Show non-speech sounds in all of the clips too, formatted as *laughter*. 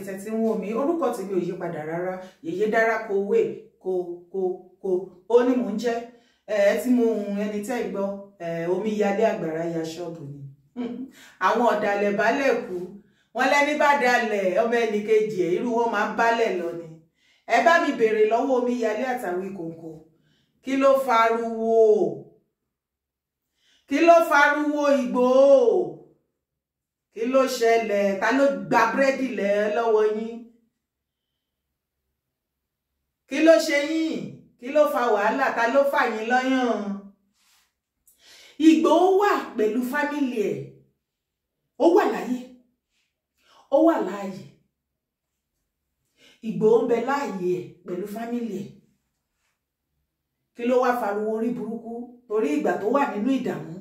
pàtàkì tẹ́ ti ń wò mí orúkọ tèmi ò yípadà rárá yèyé dára kó wé kó kó kó ó ní mò ń jẹ́ ẹ tí mo hun ẹni tẹ́ ìgbọ́ omi yalé àgbàrá ya ṣọ́ọ̀bù ni *laughs* àwọn ọ̀dàlẹ̀ balẹ̀ kú wọn lẹ́ni bá dalẹ̀ ọmọ ẹnì kejì ẹ̀ irú wọn máa ń balẹ̀ lọ ni ẹ bá mi béèrè lọ́wọ́ omi yalé àtàwí kòǹkò kí ló fariwo kí ló fariwo Ìgbòho kí ló ṣẹlẹ̀ ta ló gba búrẹ́dì lẹ̀ lọ́wọ́ yín kí ló ṣe yín kí ló fa wàhálà ta ló fà yín lọ́yàn Ìgbòho wà pẹ̀lú fámìlì ẹ̀ ó wà láyé ó wà láàyè Ìgbòho ń bẹ láàyè ẹ̀ pẹ̀lú fámìlì ẹ̀ kí ló wá fariwo orí burúkú torí ìgbà tó wà nínú ìdààmú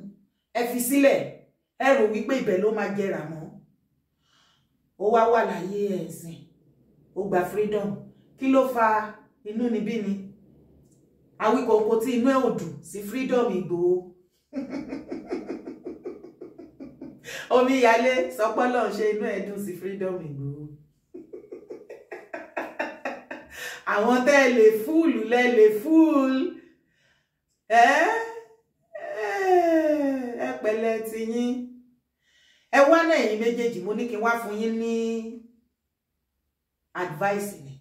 ẹ fi sílẹ̀ ẹ rò wípé ibẹ̀ ló máa jẹrà mọ́ ó wá wà láyé ẹ̀sìn ó gba freedom kí ló fa inú níbí ni Awíkọ́nkọ́ tí inú ẹ̀ ò dùn sí freedom Ìgbòho *laughs* omíyalé sọpọ́lọ́ ṣe inú ẹ̀ dùn sí freedom Ìgbòho *laughs* àwọn tẹ́ ẹ lè fúùlù lẹ́ lè fúùlù ẹ́ẹ́ pẹ̀lẹ́ ti yín ẹ wá náà ẹ̀yin méjèèjì mo ní kí n wá fún yín advice ni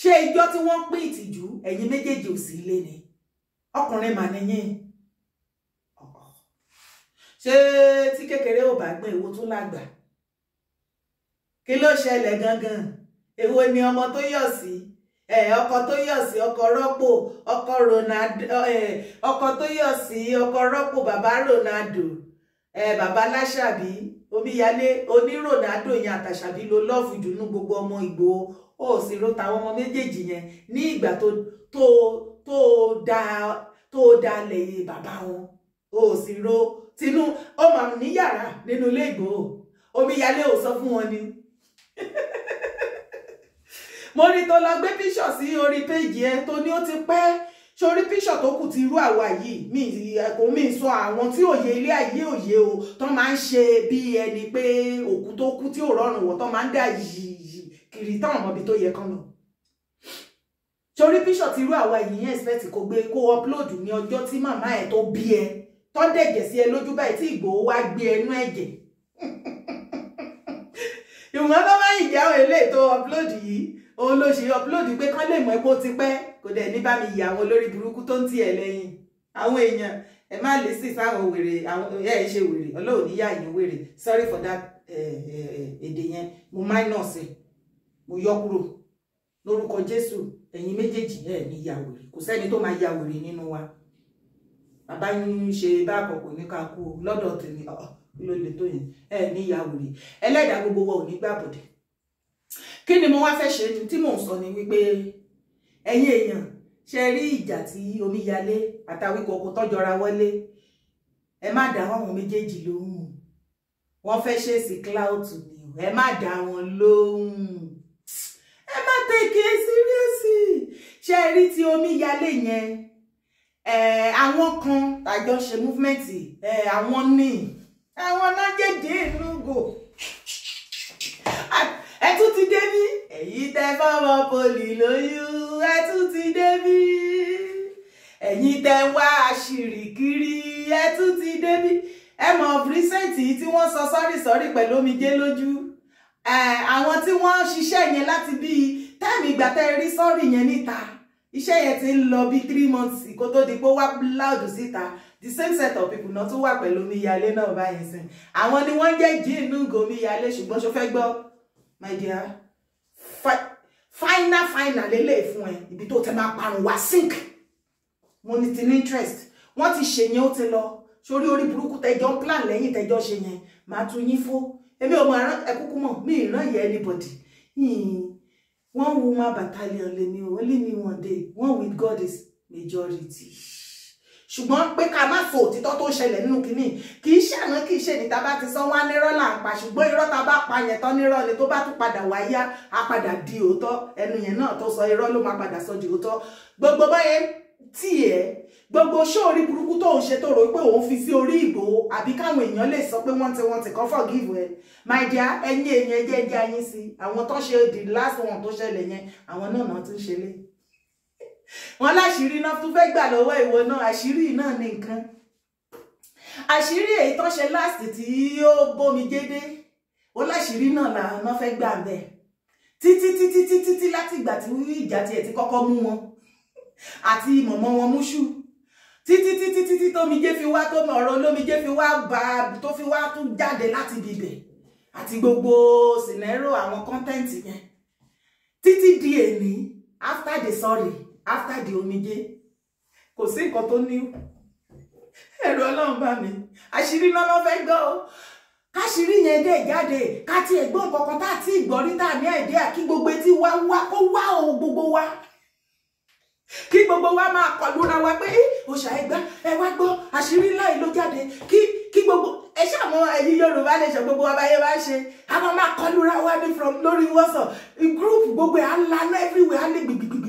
ṣé ijọ́ tí wọ́n pín ìtìjú ẹ̀yin méjèèjì ò sí ilé ni ọkùnrin mà níyìn ṣé tí kékeré ò bá gbọ́n èwo tún lágbà kí ló ṣẹlẹ̀ gangan èwo ni ọmọ tó yọ̀ sí. Si ọkọ tó yọ sí ọkọ rọpò ọkọ Ronaldo ọkọ tó ọkọ bàbá Ronaldo bàbá láṣàbí omíyalé oníronaldo yẹn àtàṣàbí ló lọ́ọ̀fù jù gbogbo ọmọ Ìgbòho ó sì ro tàwọn ọmọ méjèèjì yẹn ní ìgbà tó tó bàbá wọn ó sì ro tinú níyàrá nínú ilé sọ fún wọn ni. *laughs* mo ní tó lọ gbé píṣọ̀ sí orí péjì ẹ tó ní ó ti pẹ́ sórí píṣọ̀ tó kù ti irú àwa yìí mi kò mí sọ àwọn tí òye ilé ayé òye o tán máa ń ṣe bí ẹni pé òkú tó kú tí ò rọrùn wọ̀ tán máa ń dà yìí kiri táwọn ọmọbi tó yẹ kán lọ sórí píṣọ̀ ti irú àwa yìí yẹn expect kò gbé kó upload ní ọjọ́ tí màmá ẹ̀ tó bí ẹ tán dẹ̀jẹ̀ sí ẹ lójú báyìí tí Ìgbòho wá gbé ẹnu ẹ̀jẹ̀ *laughs* ìwọ̀n tó máa ń ìjà eléyìí tó upload yìí òun ló ṣe upload pé kán lè mọ̀ ẹ́ kó ti pẹ́ kò dẹ̀ ní bá mi yà àwọn olórí burúkú tó ń tiẹ̀ lẹ́yìn àwọn èèyàn ẹ má lè sí sáwọn wèrè àwọn ẹ ṣe wèrè ọlọ́run níyà yín wèrè sorry for that èdè yẹn mo minus ẹ mo yọ kúrò lórúkọ jésù ẹ̀yin méjèèjì ẹ ní ya wèrè kò sẹ́ni tó máa ya wèrè nínú wa bàbá yín ṣe bá àkọ́kọ́ ní ká kú lọ́dọ̀ tèmi kí ló lè tó yẹn ẹ ní ya wèrè ẹlẹ́dàá gbogbo wa ò ní gbàbọ̀dẹ̀ kí ni mo wá fẹ́ ṣe tí mò ń sọ ni wípé ẹ̀yin èèyàn ṣe rí ìjà tí omíyalé àtàwíkòkò tọ́jọra wọlé ẹ má dá àwọn méjèèjì lóhùn wọ́n fẹ́ ṣèèsì clout ni ẹ má dá wọn lóhùn ẹ má tẹ̀kẹ́ síríẹ́sì ṣe rí ti omíyalé yẹn àwọn kan tàjọ ṣe múfúmẹ́ǹtì àwọn ní àwọn náà ìlú gò ẹ tún ti dé bí ẹ̀yin tẹ fọmọ poli lóyún ẹ tún ti dé bí ẹ̀yin tẹ wá àṣírí kiri ẹ tún ti dé bí ẹ mọ̀ Vincent tí wọ́n sọ sọ́rí sọ́rí pẹ̀lú omijé lójú àwọn tí wọ́n ṣiṣẹ́ yẹn láti bíi táìmì ìgbà tẹ́ rí sọ́rí yẹn níta iṣẹ́ yẹn ti ń lọ bí three months kó tó di pé ó wá láòdù síta the same set of people náà tún wà pẹ̀lú omíyalé náà báyìí sìn àwọn ni wọ́n jẹ́ jíìnú gòmíyalé ṣùgbọ́n ṣo fẹ́ gbọ́ my dear final final lélẹ̀ fún ẹ ibi tó tẹ máa parun wá sink mo ní ti ní interest wọ́n ti ṣe yẹn ó ti lọ sórí orí burúkú tẹjọ́ plan lẹ́yìn tẹjọ́ ṣe yẹn màá fo. yín fó èmi ò mọ ẹran ẹkúkú mi ìran yẹ anybody One woman battalion lè ní wọ́n lè ní one day one with God is majority ṣùgbọ́n pé ká má sọ òtítọ́ tó ṣẹlẹ̀ nínú kínní kì í ṣàná kì í ṣe ní tábà ti san wá nírọ́ là ń pa ṣùgbọ́n irọ́ tá bá pa yẹn tán nírọ́ ni tó bá tún padà wáyá á padà di òótọ́ ẹnu yẹn náà tó sọ irọ́ ló máa padà sọ di òótọ́ gbogbo báyẹn tì ẹ́ gbogbo ṣóòrí burúkú tó ń ṣe tó rò pé òun fi sí orí ìbò àbí káwọn èèyàn lè sọ pé wọ́n ti wọ́n ti kọ́ forgive ẹ my dear ẹ̀yin èèyàn jẹ́ jẹ́ ayín sí àwọn tó ṣe the last one tó ṣẹlẹ̀ yẹn àwọn náà náà tún ṣe lé wọn láṣìírí náà tún fẹ́ gbà lọ́wọ́ ìwọ náà àṣírí náà ní nǹkan àṣírí èyí tó ṣe láti tí ó bómi gédé wọn láṣìírí náà làwọn fẹ́ gbà bẹ́ẹ̀ títí títí títí tí láti ìgbà tí ìjà tiẹ̀ ti kọ́kọ́ mú wọn àti mọ̀mọ́ wọn múṣù títí títí títí tómijé fi wá tó ọ̀rọ̀ olómijé fi wá bá tó fi wá tún jáde láti bìbẹ̀ àti gbogbo sinero àwọn kọ́ńtẹ́ǹtì yẹn títí di èmi after the sorry after the omijé kò sí nǹkan tó ní ẹ̀rù ọlọ́run bá mi àṣírí lọ́lọ́ fẹ́ gbọ́ o káṣírí yẹn dé jáde ká ti ẹ̀gbọ́n kankan tá a ti gbọ́ níta ní ẹ̀dẹ́ àkí gbogbo etí wá wa kó wá o gbogbo wa kí gbogbo wa máa kọlura wa pé òṣà ẹgbẹ́ ẹ wá gbọ́ àṣírí ńlá yìí ló jáde kí kí gbogbo ẹ ṣàmọ ẹ̀yin Yorùbá lè ṣe gbogbo abáyé bá ṣe a máa máa kọlura wa ní from lórí WhatsApp group gbogbo ẹ̀ á lanú everywhere á lè gbìgbìgbì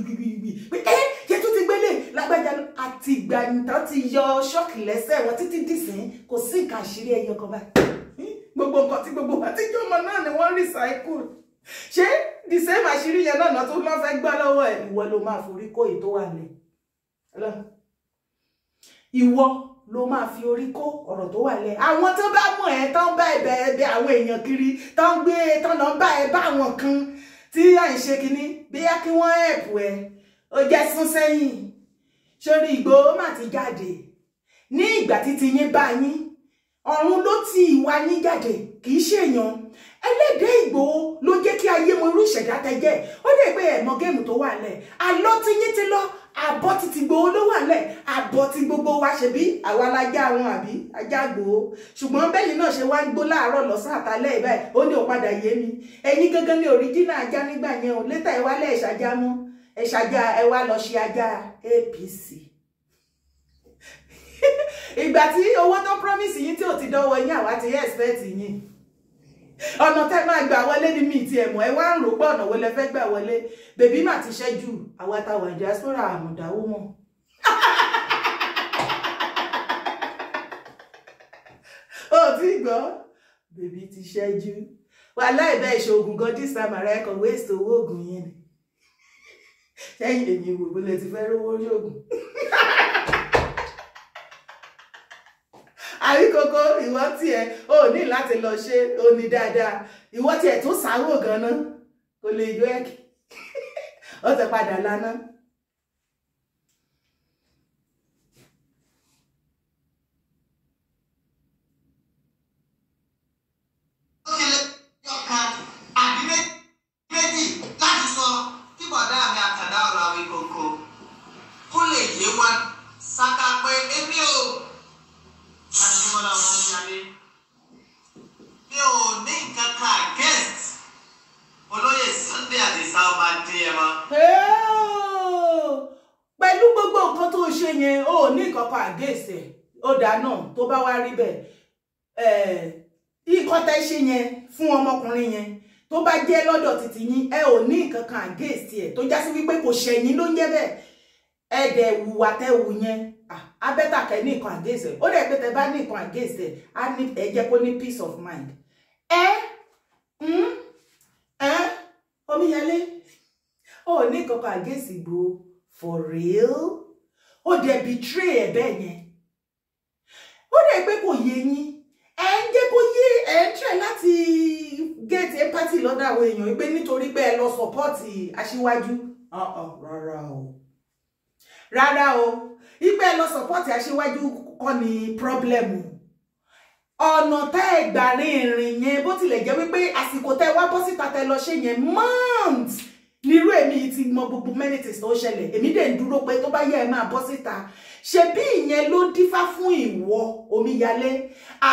pé eh, ẹ yẹ tó ti gbélé lágbájá àti ìgbà ìtàn ti yọ ṣọ́ọ̀kì lẹ́sẹ̀ wọn títí dìsín kò sí nǹkan àṣírí ẹyọ kan báyìí hmm? gbogbo nǹkan tí gbogbo àtijọ́ ọmọ náà ni wọ́n recycle ṣé the same àṣírí yẹn náà tó máa fẹ́ gbá lọ́wọ́ ẹ̀ ìwọ ló máa forí kó èyí tó wà lẹ̀ ìwọ ló máa fi orí kó ọ̀rọ̀ tó wà lẹ̀ àwọn tó bá mọ̀ ẹ́ tán bá ẹ̀ bẹ̀ẹ̀ àwọn èèyàn kiri tán gbé tán lọ bá ẹ bá àwọn kan tí à ń ṣe kinní bí yá kí wọ́n ẹ̀pù ẹ̀ ó jẹ́ sún sẹ́yìn sórí Ìgbòho mà ti jáde ní ìgbà títí yín bá yín ọ̀run ló ti ìwà yín jáde kì í ṣèyàn ẹlẹ́dẹ̀ẹ́ Ìgbòho ló jẹ́ kí ayé mọ irú ìṣẹ̀dá tẹ jẹ́ ó dẹ̀ pé ẹ̀mọ́ géèmù tó wà lẹ̀ àlọ́ tí yín ti lọ àbọ̀ ti ti Ìgbòho ló wà lẹ̀ àbọ̀ ti gbogbo wa ṣe bí àwa la já wọn àbí ajá Ìgbòho ṣùgbọ́n bẹ́yìn náà ṣe wá ń gbó láàárọ̀ lọ́sàn àtàlẹ́ ìbáyìí ó ní òpadà yé mi ẹ̀yin gangan ni òríjínà ajá nígbà yẹn o létà ìwálẹ̀ ìṣàjámọ́ ẹ ṣàjà ẹ wá lọ ṣe ajá APC *laughs* ìgbà tí owó tó promise yín tí ò ti dánwọ yín àwa ti expect yín ọ̀nà tẹ́ máa gbà wọlé ní mi ti ẹ̀mọ́ ẹ wá ń rò pọ̀ ọ̀nà wo lẹ fẹ́ gbà wọlé bèbí mà ti ṣẹ́jú àwa ta wà diaspora àmọ̀dáwó mọ̀. ó *laughs* ti gbọ́ bèbí ti ṣẹ́jú wàhálà ìbẹ́ ìṣòògùn gan dísàmàrà ẹ̀kọ́ wéèsì owó oògùn yẹn ni sẹ́yìn èmi wò bó lè ti fẹ́ rówó ṣoògùn àríkókó ìwọ tiẹ̀ ò ní láti lọ ṣe ó ní dáadáa ìwọ tiẹ̀ tó sáró ganan kò lè yọ ẹ̀kì *laughs* ó ti padà lánàá. dáa náà tó bá wá rí bẹ́ẹ̀ ikọ́ eh, tẹ́ ṣe yẹn fún ọmọkùnrin yẹn tó bá jẹ́ lọ́dọ̀ títí yín ẹ ò ní nǹkan kan against ẹ̀ tó já sí wípé kò ṣẹ̀yìn ló ń jẹ́ bẹ́ẹ̀ ẹ dẹ̀ wùwà tẹ́ wù yẹn abẹ́tàkẹ́ ní nǹkan against ẹ̀ ó dẹ̀ pé tẹ́ bá ní nǹkan against ẹ̀ á ní ẹ jẹ́ kó ní peace of mind ẹ hm, ẹ omíyẹlé ó ní nǹkan kan against Ìgbòho for real ó dẹ̀ betray ẹ̀ bẹ́ẹ̀ yẹn ó dẹ̀ pé kò yé yín ẹ ń jẹ́ kó yé ẹ ń tẹ̀ láti get empathy lọ́dọ̀ àwọn èèyàn pé nítorí pé ẹ lọ support aṣíwájú uh-uh, rárá o rárá o ipe ẹ lọ support aṣíwájú kọ́ ni problem ọ̀nà tẹ́ ẹ gbà rin ìrìn yẹn bó tilẹ̀ jẹ́ wípé àsìkò tẹ́ wá bọ́ síta tẹ́ lọ ṣe yẹn months nírú èmi ti mọ gbogbo many things tó ṣẹlẹ̀ èmi dẹ̀ ń dúró pé tó bá yẹ ẹ máa bọ́ síta ṣebí ìyẹn ló dífá fún ìwọ omíyalé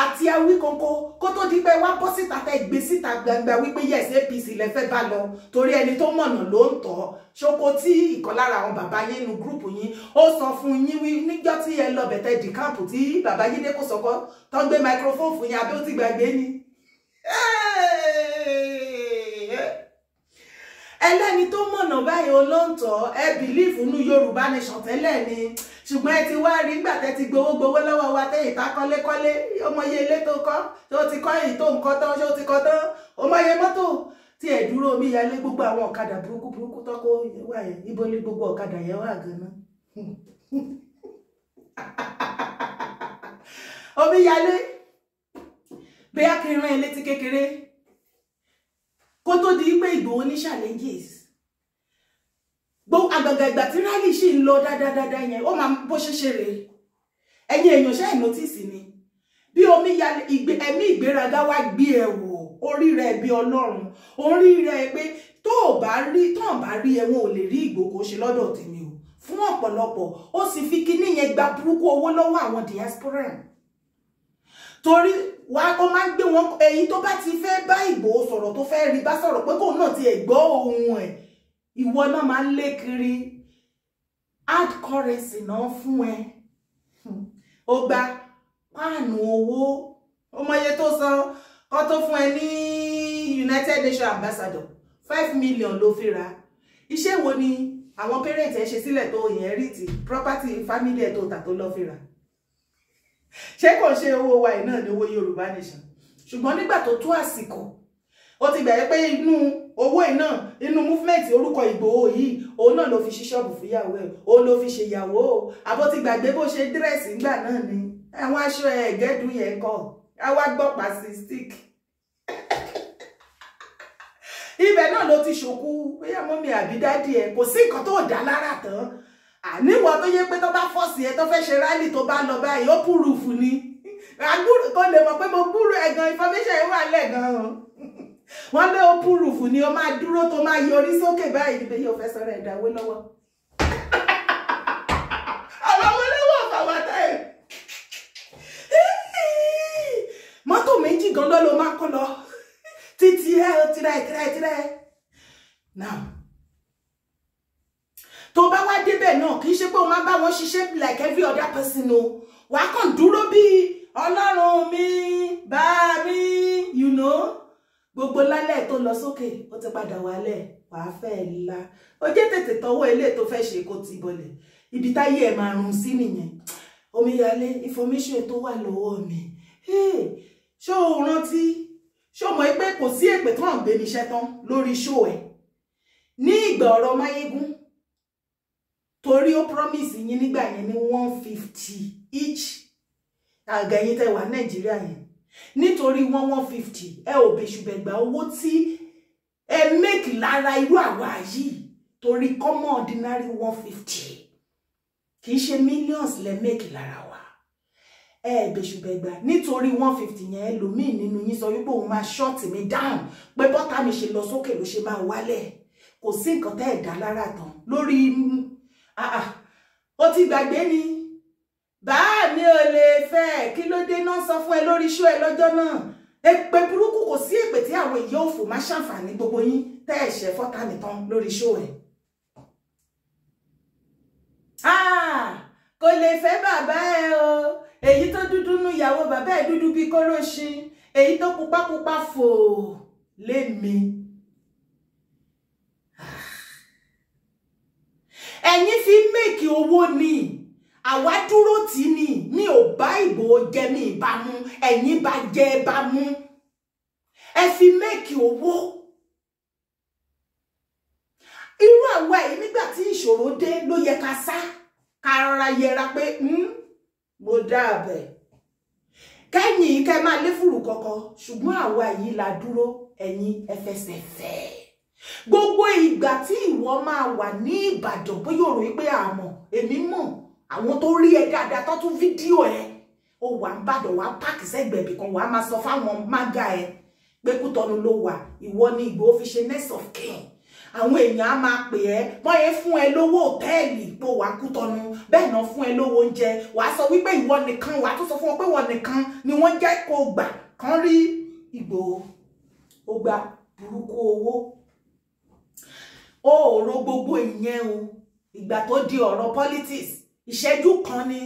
àti awíkóńkó kó tó di pé wá bọ́ síta tẹ gbé síta gbangba wípé yes apc lẹ fẹ́ bá lọ torí ẹni tó mọ̀nà ló ń tọ́ ṣoko tí ìkan lára àwọn bàbá yín nu gúrùpù yín ó sọ fún yín wí níjọ́ tí ẹ lọ bẹ̀tẹ̀ dìkáàpù tí bàbá yín dé kó sọkọ́ tó ń gbé microphone fún yín abẹ́ ó ti gbàgbé ni ẹlẹ́ni tó mọ̀nà báyìí olóńtọ̀ ẹ bìlífù nú yorùbá nation tẹ́lẹ̀ ni ṣùgbọ́n ẹ ti wá rí nígbà tẹ́ ti gbowó gbowó lọ́wọ́ wa tẹ́ ìta kọ́lé kọ́lé ọmọye ilé tó kọ́ tó ti kọ́ èyí tó ń kọ́ tán tó ti kọ́ tán ọmọye mọ́tò tí ẹ dúró omi ìyálé gbogbo àwọn ọ̀kadà burúkú burúkú tọ́kọ wà yẹn níbo ni gbogbo ọ̀kadà yẹn wà gan-an *laughs* omi ìyálé bẹ́ẹ̀ kiri rán ẹ létí kékeré kó tó di pé Ìgbòho ní challenges gbó àgbàgbà ìgbà tí rally ṣì ń lọ dáadáa yẹn ó máa bó ṣe ṣe rèé ẹ̀yin èèyàn ṣe ìnótìsì ni bí omi ẹ̀mí ìgbéraga wá gbé ẹ wò orí rẹ bí ọlọ́run orí rẹ pé tó ò bá rí tó ò bá rí ẹ wọn ò lè rí ìgbòho ṣe lọ́dọ̀ tèmi o fún ọ̀pọ̀lọpọ̀ ó sì fi kíní yẹn gba burúkú owó lọ́wọ́ àwọn diaspora torí wa ó máa ń gbé wọn èyí tó bá ti fẹ́ bá Ìgbòho sọ̀rọ̀ tó fẹ́ rí bá sọ̀rọ̀ pé kóun náà ti ẹ̀ gbọ́ ohun ẹ̀ ìwọ náà máa ń lé kiri hard currency náà fún ẹ ó gba páànù owó ó tó san kó tó fún ẹ ní United Nations ambassador five million ló fi iṣẹ́ wo ni àwọn parents ẹ ṣe sílẹ̀ tó yẹn property family ẹ̀ tó tà tó lọ́ fi ra ṣé kò ṣe owó wa yìí náà ní owó Yorùbá nation ṣùgbọ́n nígbà tó tó àsìkò ó ti gbà yẹ pé inú owó iná inú movement orúkọ Ìgbòho yìí òun náà ló fi ṣí ṣọ́ọ̀bù fúyàwó ẹ̀ òun ló fi ṣèyàwó àbó ti gbàgbé bó ṣe dírẹ́sì ńgbà náà ni àwọn aṣọ ẹ̀gẹ́dùn yẹn kọ́ àwa gbọ́ pàṣẹ stick ibẹ̀ náà ló ti ṣòkú bóyá mọ́mí àbí dádì ẹ̀ kò sí nǹkan tó dá lára tán àníwọ̀ tó yẹ pé tó bá fọ́ọ̀sì ẹ tó fẹ́ ṣe rálì tó bá lọ báyìí ó púrùfù ni àgbúrò tó lè mọ̀ pé mo gbúrò ẹ̀gàn information ẹ̀ wà lẹ́gàn o wọ́n lé open roof ni o máa dúró tó máa yọrí sókè báyìí níbi yóò fẹ́ sọ̀rọ̀ ẹ̀dáwó lọ́wọ́. àwọn olówó àbàwàtà ẹ̀ mọ́tò méjì gan ló ló máa kọ́ lọ títí ẹ ó tira ẹ tira ẹ tira ẹ. now tó bá wá débẹ̀ náà kì í ṣe pé o máa bá wọn ṣiṣẹ́ like every other person o wàá kàn dúró bíi ọlọ́run mi bá mi you know gbogbo lálẹ́ tó lọ sókè ó ti padà wálẹ̀ wàá fẹ́ la ó jẹ́ tètè tọwọ́ ilé tó fẹ́ ṣe kó ti bọlẹ̀ ibi táyé ẹ̀ máa run sí nìyẹn omíyalé information tó wà lọ́wọ́ mi ṣó o rántí ṣó mọ̀ pé kò sí èpè tó hàn gbé mi iṣẹ́ tán lórí ṣó ẹ̀ ní ìgbà ọ̀rọ̀ máyégún torí ó promise yín nígbà yẹn ní one fifty each àgẹ̀yìn tẹ́ wà nàìjíríà yẹn nítorí one one fifty ẹ ò bẹ̀ṣùbẹ̀gbà owó tí ẹ make lára irú àwa yìí torí common ordinary one fifty kì í ṣe millions lẹ make lára wa ẹ bẹ̀ṣùbẹ̀gbà nítorí one fifty yẹn ẹlòmíì nínú yín sọ wípé òun máa short mi down pé bọ́tà mi ṣe lọ sókè ló ṣe máa wálẹ̀ kò sí nǹkan tẹ́ ẹ̀ dá lára tán lórí ah, ah, ó ti gbàgbé ni ayé ò lè fẹ́ kí ló dé náà sọ fún ẹ lórí iṣu ẹ lọ́jọ́ náà èpè burúkú kò sí èpè tí àwọn èyí ò fò má ṣàǹfààní gbogbo yín tẹ́ ẹ̀ṣẹ̀ fọ́tà nìkan lórí iṣu ẹ̀. Ah, kò lè fẹ́ bàbá ẹ o èyí tó dúdú nu ìyàwó bàbá ẹ dúdú bíi kóróṣin èyí tó pupapupa fò lémi. Ah. ẹ̀yin fi mèkì owó ni àwa dúró tì ní mi ò bá ìbò jẹ mi ìbámu ẹ̀yin bá jẹ ẹ bá mú ẹ fi mẹ́ẹ̀kì owó irú àwa yìí nígbà tí ìṣòro dé ló yẹ ká sá ká rárá yẹra pé hmm, mo dáàbẹ̀ kẹ́yìn kẹ́ máa lé fùrù kọ̀kọ̀ ṣùgbọ́n àwa yìí la dúró ẹ̀yin ẹfẹsẹ̀fẹ́ gbogbo ìgbà tí ìwọ máa wà ní Ìbàdàn bóyá òrò pé àmọ́ èmi mọ̀ àwọn tó rí ẹ dáadáa tó tún fídíò ẹ ó wà ń bàdàn wá páàkì sẹ́gbẹ̀ẹ́ kan wàá máa sọ fáwọn mága ẹ pé Kútọ́nu ló wà ìwọ ni Ìgbòho fi ṣe next of kin àwọn èèyàn á máa pè ẹ́ wọ́n yẹn fún ẹ lówó òtẹ́ẹ̀lì ipò wà Kútọ́nu bẹ́ẹ̀ náà fún ẹ lówó oúnjẹ wàá sọ wípé ìwọ nìkan wàá tún sọ fún wọn pé wọn nìkan ni wọ́n jẹ́ kó gbà kán rí Ìgbòho ó gba burúkú owó ó ò ro gbogbo ìyẹn o ìgbà tó di ọ̀rọ̀ politics ìṣẹ́jú kan ni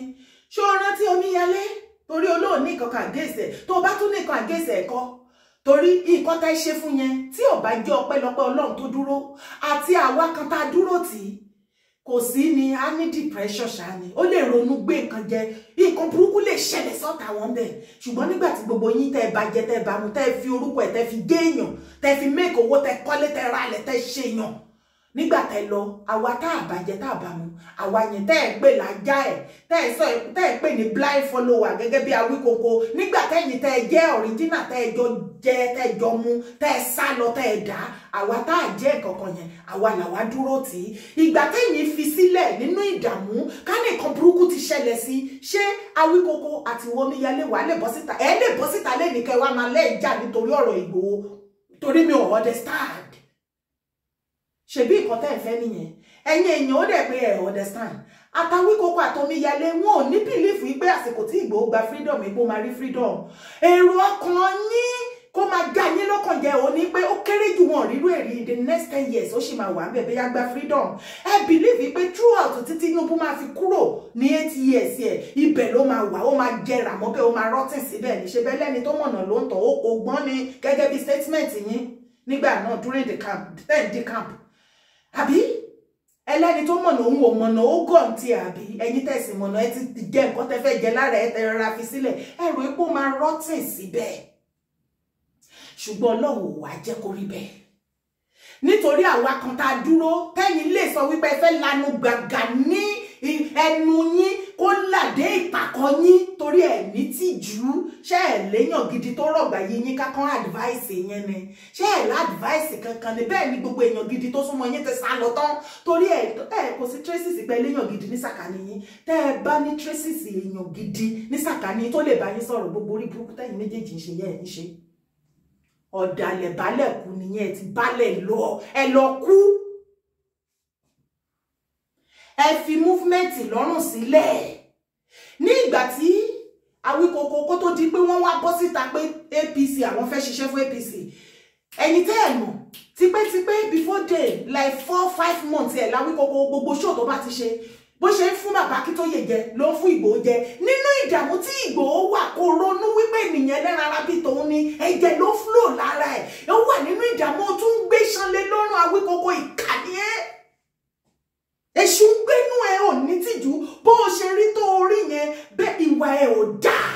ṣó rántí omíyalé torí olóòní kankan àgéṣẹ̀ tó o bá tún ní kan àgéṣẹ̀ ẹ̀kọ́ torí nǹkan tá ṣe fún yẹn tí ò bá jẹ́ ọpẹ́lọpẹ́ ọlọ́run tó dúró àti àwa kan tá a dúró tì í kò sí ni a ní depression ṣáá ni ó lè ronú gbé nǹkan jẹ nǹkan burúkú lè ṣẹlẹ̀ sọ́tà wọn bẹ̀ ṣùgbọ́n nígbà tí gbogbo yín tẹ́ ẹ bá jẹ tẹ́ bá mu tẹ́ fi orúkọ ẹ̀ tẹ́ fi gé èèyàn tẹ́ fi make owó tẹ́ kọ́lé tẹ́ ralẹ̀ tẹ́ ṣe èèyàn nígbà tẹ lọ àwa tá a bàjẹ́ tá a bá mu àwa yẹn tẹ́ ẹ pè lájà ẹ̀ tẹ́ ẹ sọ tẹ́ ẹ pè ní blind follower gẹ́gẹ́ bí Awíkoko nígbà tẹ́yìn tẹ́ ẹ jẹ́ original tẹ́ ẹ jọ jẹ tẹ́ ẹ jọ mu tẹ́ ẹ sá lọ tẹ́ ẹ dá àwa tá a jẹ́ kankan yẹn àwa làwa dúró tì í ìgbà tẹ́yìn fi sílẹ̀ nínú ìdààmú ká ní nǹkan burúkú ti ṣẹlẹ̀ sí i ṣé Awíkoko àti Omíyalé wà lè bọ́ síta ẹ̀ lè bọ́ síta lẹ́nìkẹ́ wa máa lẹ́ẹ̀jà nítorí ọ̀rọ̀ Ìgbòho torí mi ò understand ṣèbí nǹkan tẹ́ ẹ̀ fẹ́ nìyẹn ẹ̀yin èèyàn ó dẹ̀ pé ẹ̀ understand àtàwíkókó àtọmíyalé wọn ò ní bìlífù wípé àsìkò tí Ìgbòho gba freedom Ìgbòho máa rí freedom èrò ọkàn yín kó máa já yín lọ́kàn jẹ́ òní pé ó kéré jù wọn rírú èrè the next ten years ó sì máa wà níbẹ̀ bóyá gba freedom ẹ believe pé throughout tí Tinubu máa fi kúrò ní eight years yẹ ibẹ̀ ló máa wà ó máa jẹrà mọ́bẹ̀ ó máa rọ́tìn síbẹ̀ níṣẹ́ bẹ́ẹ̀ lẹ́ni tó mọ̀nà ló ń tọ̀ ó gbọ́n ni gẹ́gẹ́ bí statement yín nígbà náà during the camp then the camp àbí ẹlẹ́ni tó mọ̀nà òun ò mọ̀nà ó gàn ti àbí ẹ̀yin tẹ̀sí mọ̀nà ẹ ti jẹ nǹkan tẹ́ fẹ́ jẹ lára ẹ tẹ́ra ra fi sílẹ̀ ẹ̀rọ epo máa rọ́tìn síbẹ̀ ṣùgbọ́n ọlọ́run ò wá jẹ́ kó rí bẹ́ẹ̀ nítorí àwa kan tá a dúró tẹ́yìn lè sọ wípé ẹ fẹ́ lanu gbàgà ní ẹnu yín kó làdé ìpàkọ́ yín torí ẹ̀ ní tìjú ṣé ẹ̀ léèyàn gidi tó rọ̀gbà yí yín kákan advice yẹn ni ṣé ẹ̀ ládvice kankan ni bẹ́ẹ̀ ni gbogbo èèyàn gidi tó súnmọ́ yín ti sá lọ tán torí ẹ̀ ẹ̀ kò sí traces pẹ́ léèyàn gidi ní sàkání yín tẹ́ ẹ bá ní traces èèyàn gidi ní sàkání tó lè bá yín sọ̀rọ̀ gbogbo orí burúkú tẹ́yìn méjèèjì ń ṣe yẹn ń ṣe ọ̀dàlẹ̀ balẹ̀ kú nìyẹn ti balẹ̀ lọ ẹ lọ kú ẹ fi movement lọ́rùn sílẹ̀ ní ìgbà tí Awíkòkó kó tó di pé wọ́n wá bọ́ síta pé APC àwọn fẹ́ ṣiṣẹ́ fún APC ẹni tẹ́ ẹ̀ mọ̀ tipẹ́tipẹ́ before day like four five months ẹ̀ l'Awíkòkó gbogbo ṣó tó bá ti ṣe bó ṣe ń fún bàbá kí tó yè jẹ ló ń fún Ìgbòho jẹ nínú ìdààmú tí Ìgbòho wà kó ronú wípé ènìyàn lẹ́ran ara bíi tòun ni ẹ̀jẹ̀ ló flow lára ẹ̀ ó wà nínú ìdààmú ó tún ń gbé ṣanlé lọ́rùn Awíkòkó ìkànnì ẹ̀ èṣù ń gbénú ẹ ò ní tìjú bó o ṣe rí tó orí yẹn bẹ́ẹ̀ ìwà ẹ ò dáa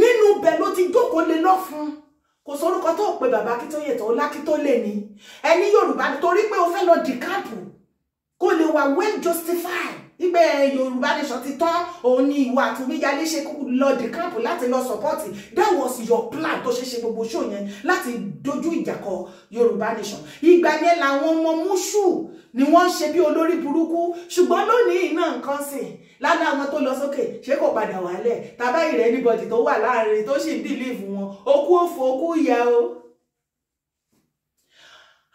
nínú bẹ̀ ló ti jókòó lé lọ kò sórúkọ tó pe bàbá Akíntóyè tó lákíntóyè ni ẹni Yorùbá torí pé o fẹ́ lọ dìkáàpù kó lè wà well justified ìgbé yorùbá nation ti tán òun ni ìwà àtúngbéyàlé ṣe lọ dé káàpù láti lọ sọpọ́ọ̀tì that was your plan tó ṣe ṣe gbogbo ṣó yẹn láti dojú ìjà kọ yorùbá nation ìgbà yẹn làwọn ọmọ múṣù ni wọ́n ṣe bí olórí burúkú ṣùgbọ́n lónìí iná nǹkan sìn lára àwọn tó lọ sókè ṣé kò padà wálẹ̀ tàbá ìrẹ́ níbọ̀dì tó wà láàrin tó sì ń dìlíìfù wọn okú òfò okú ìyá o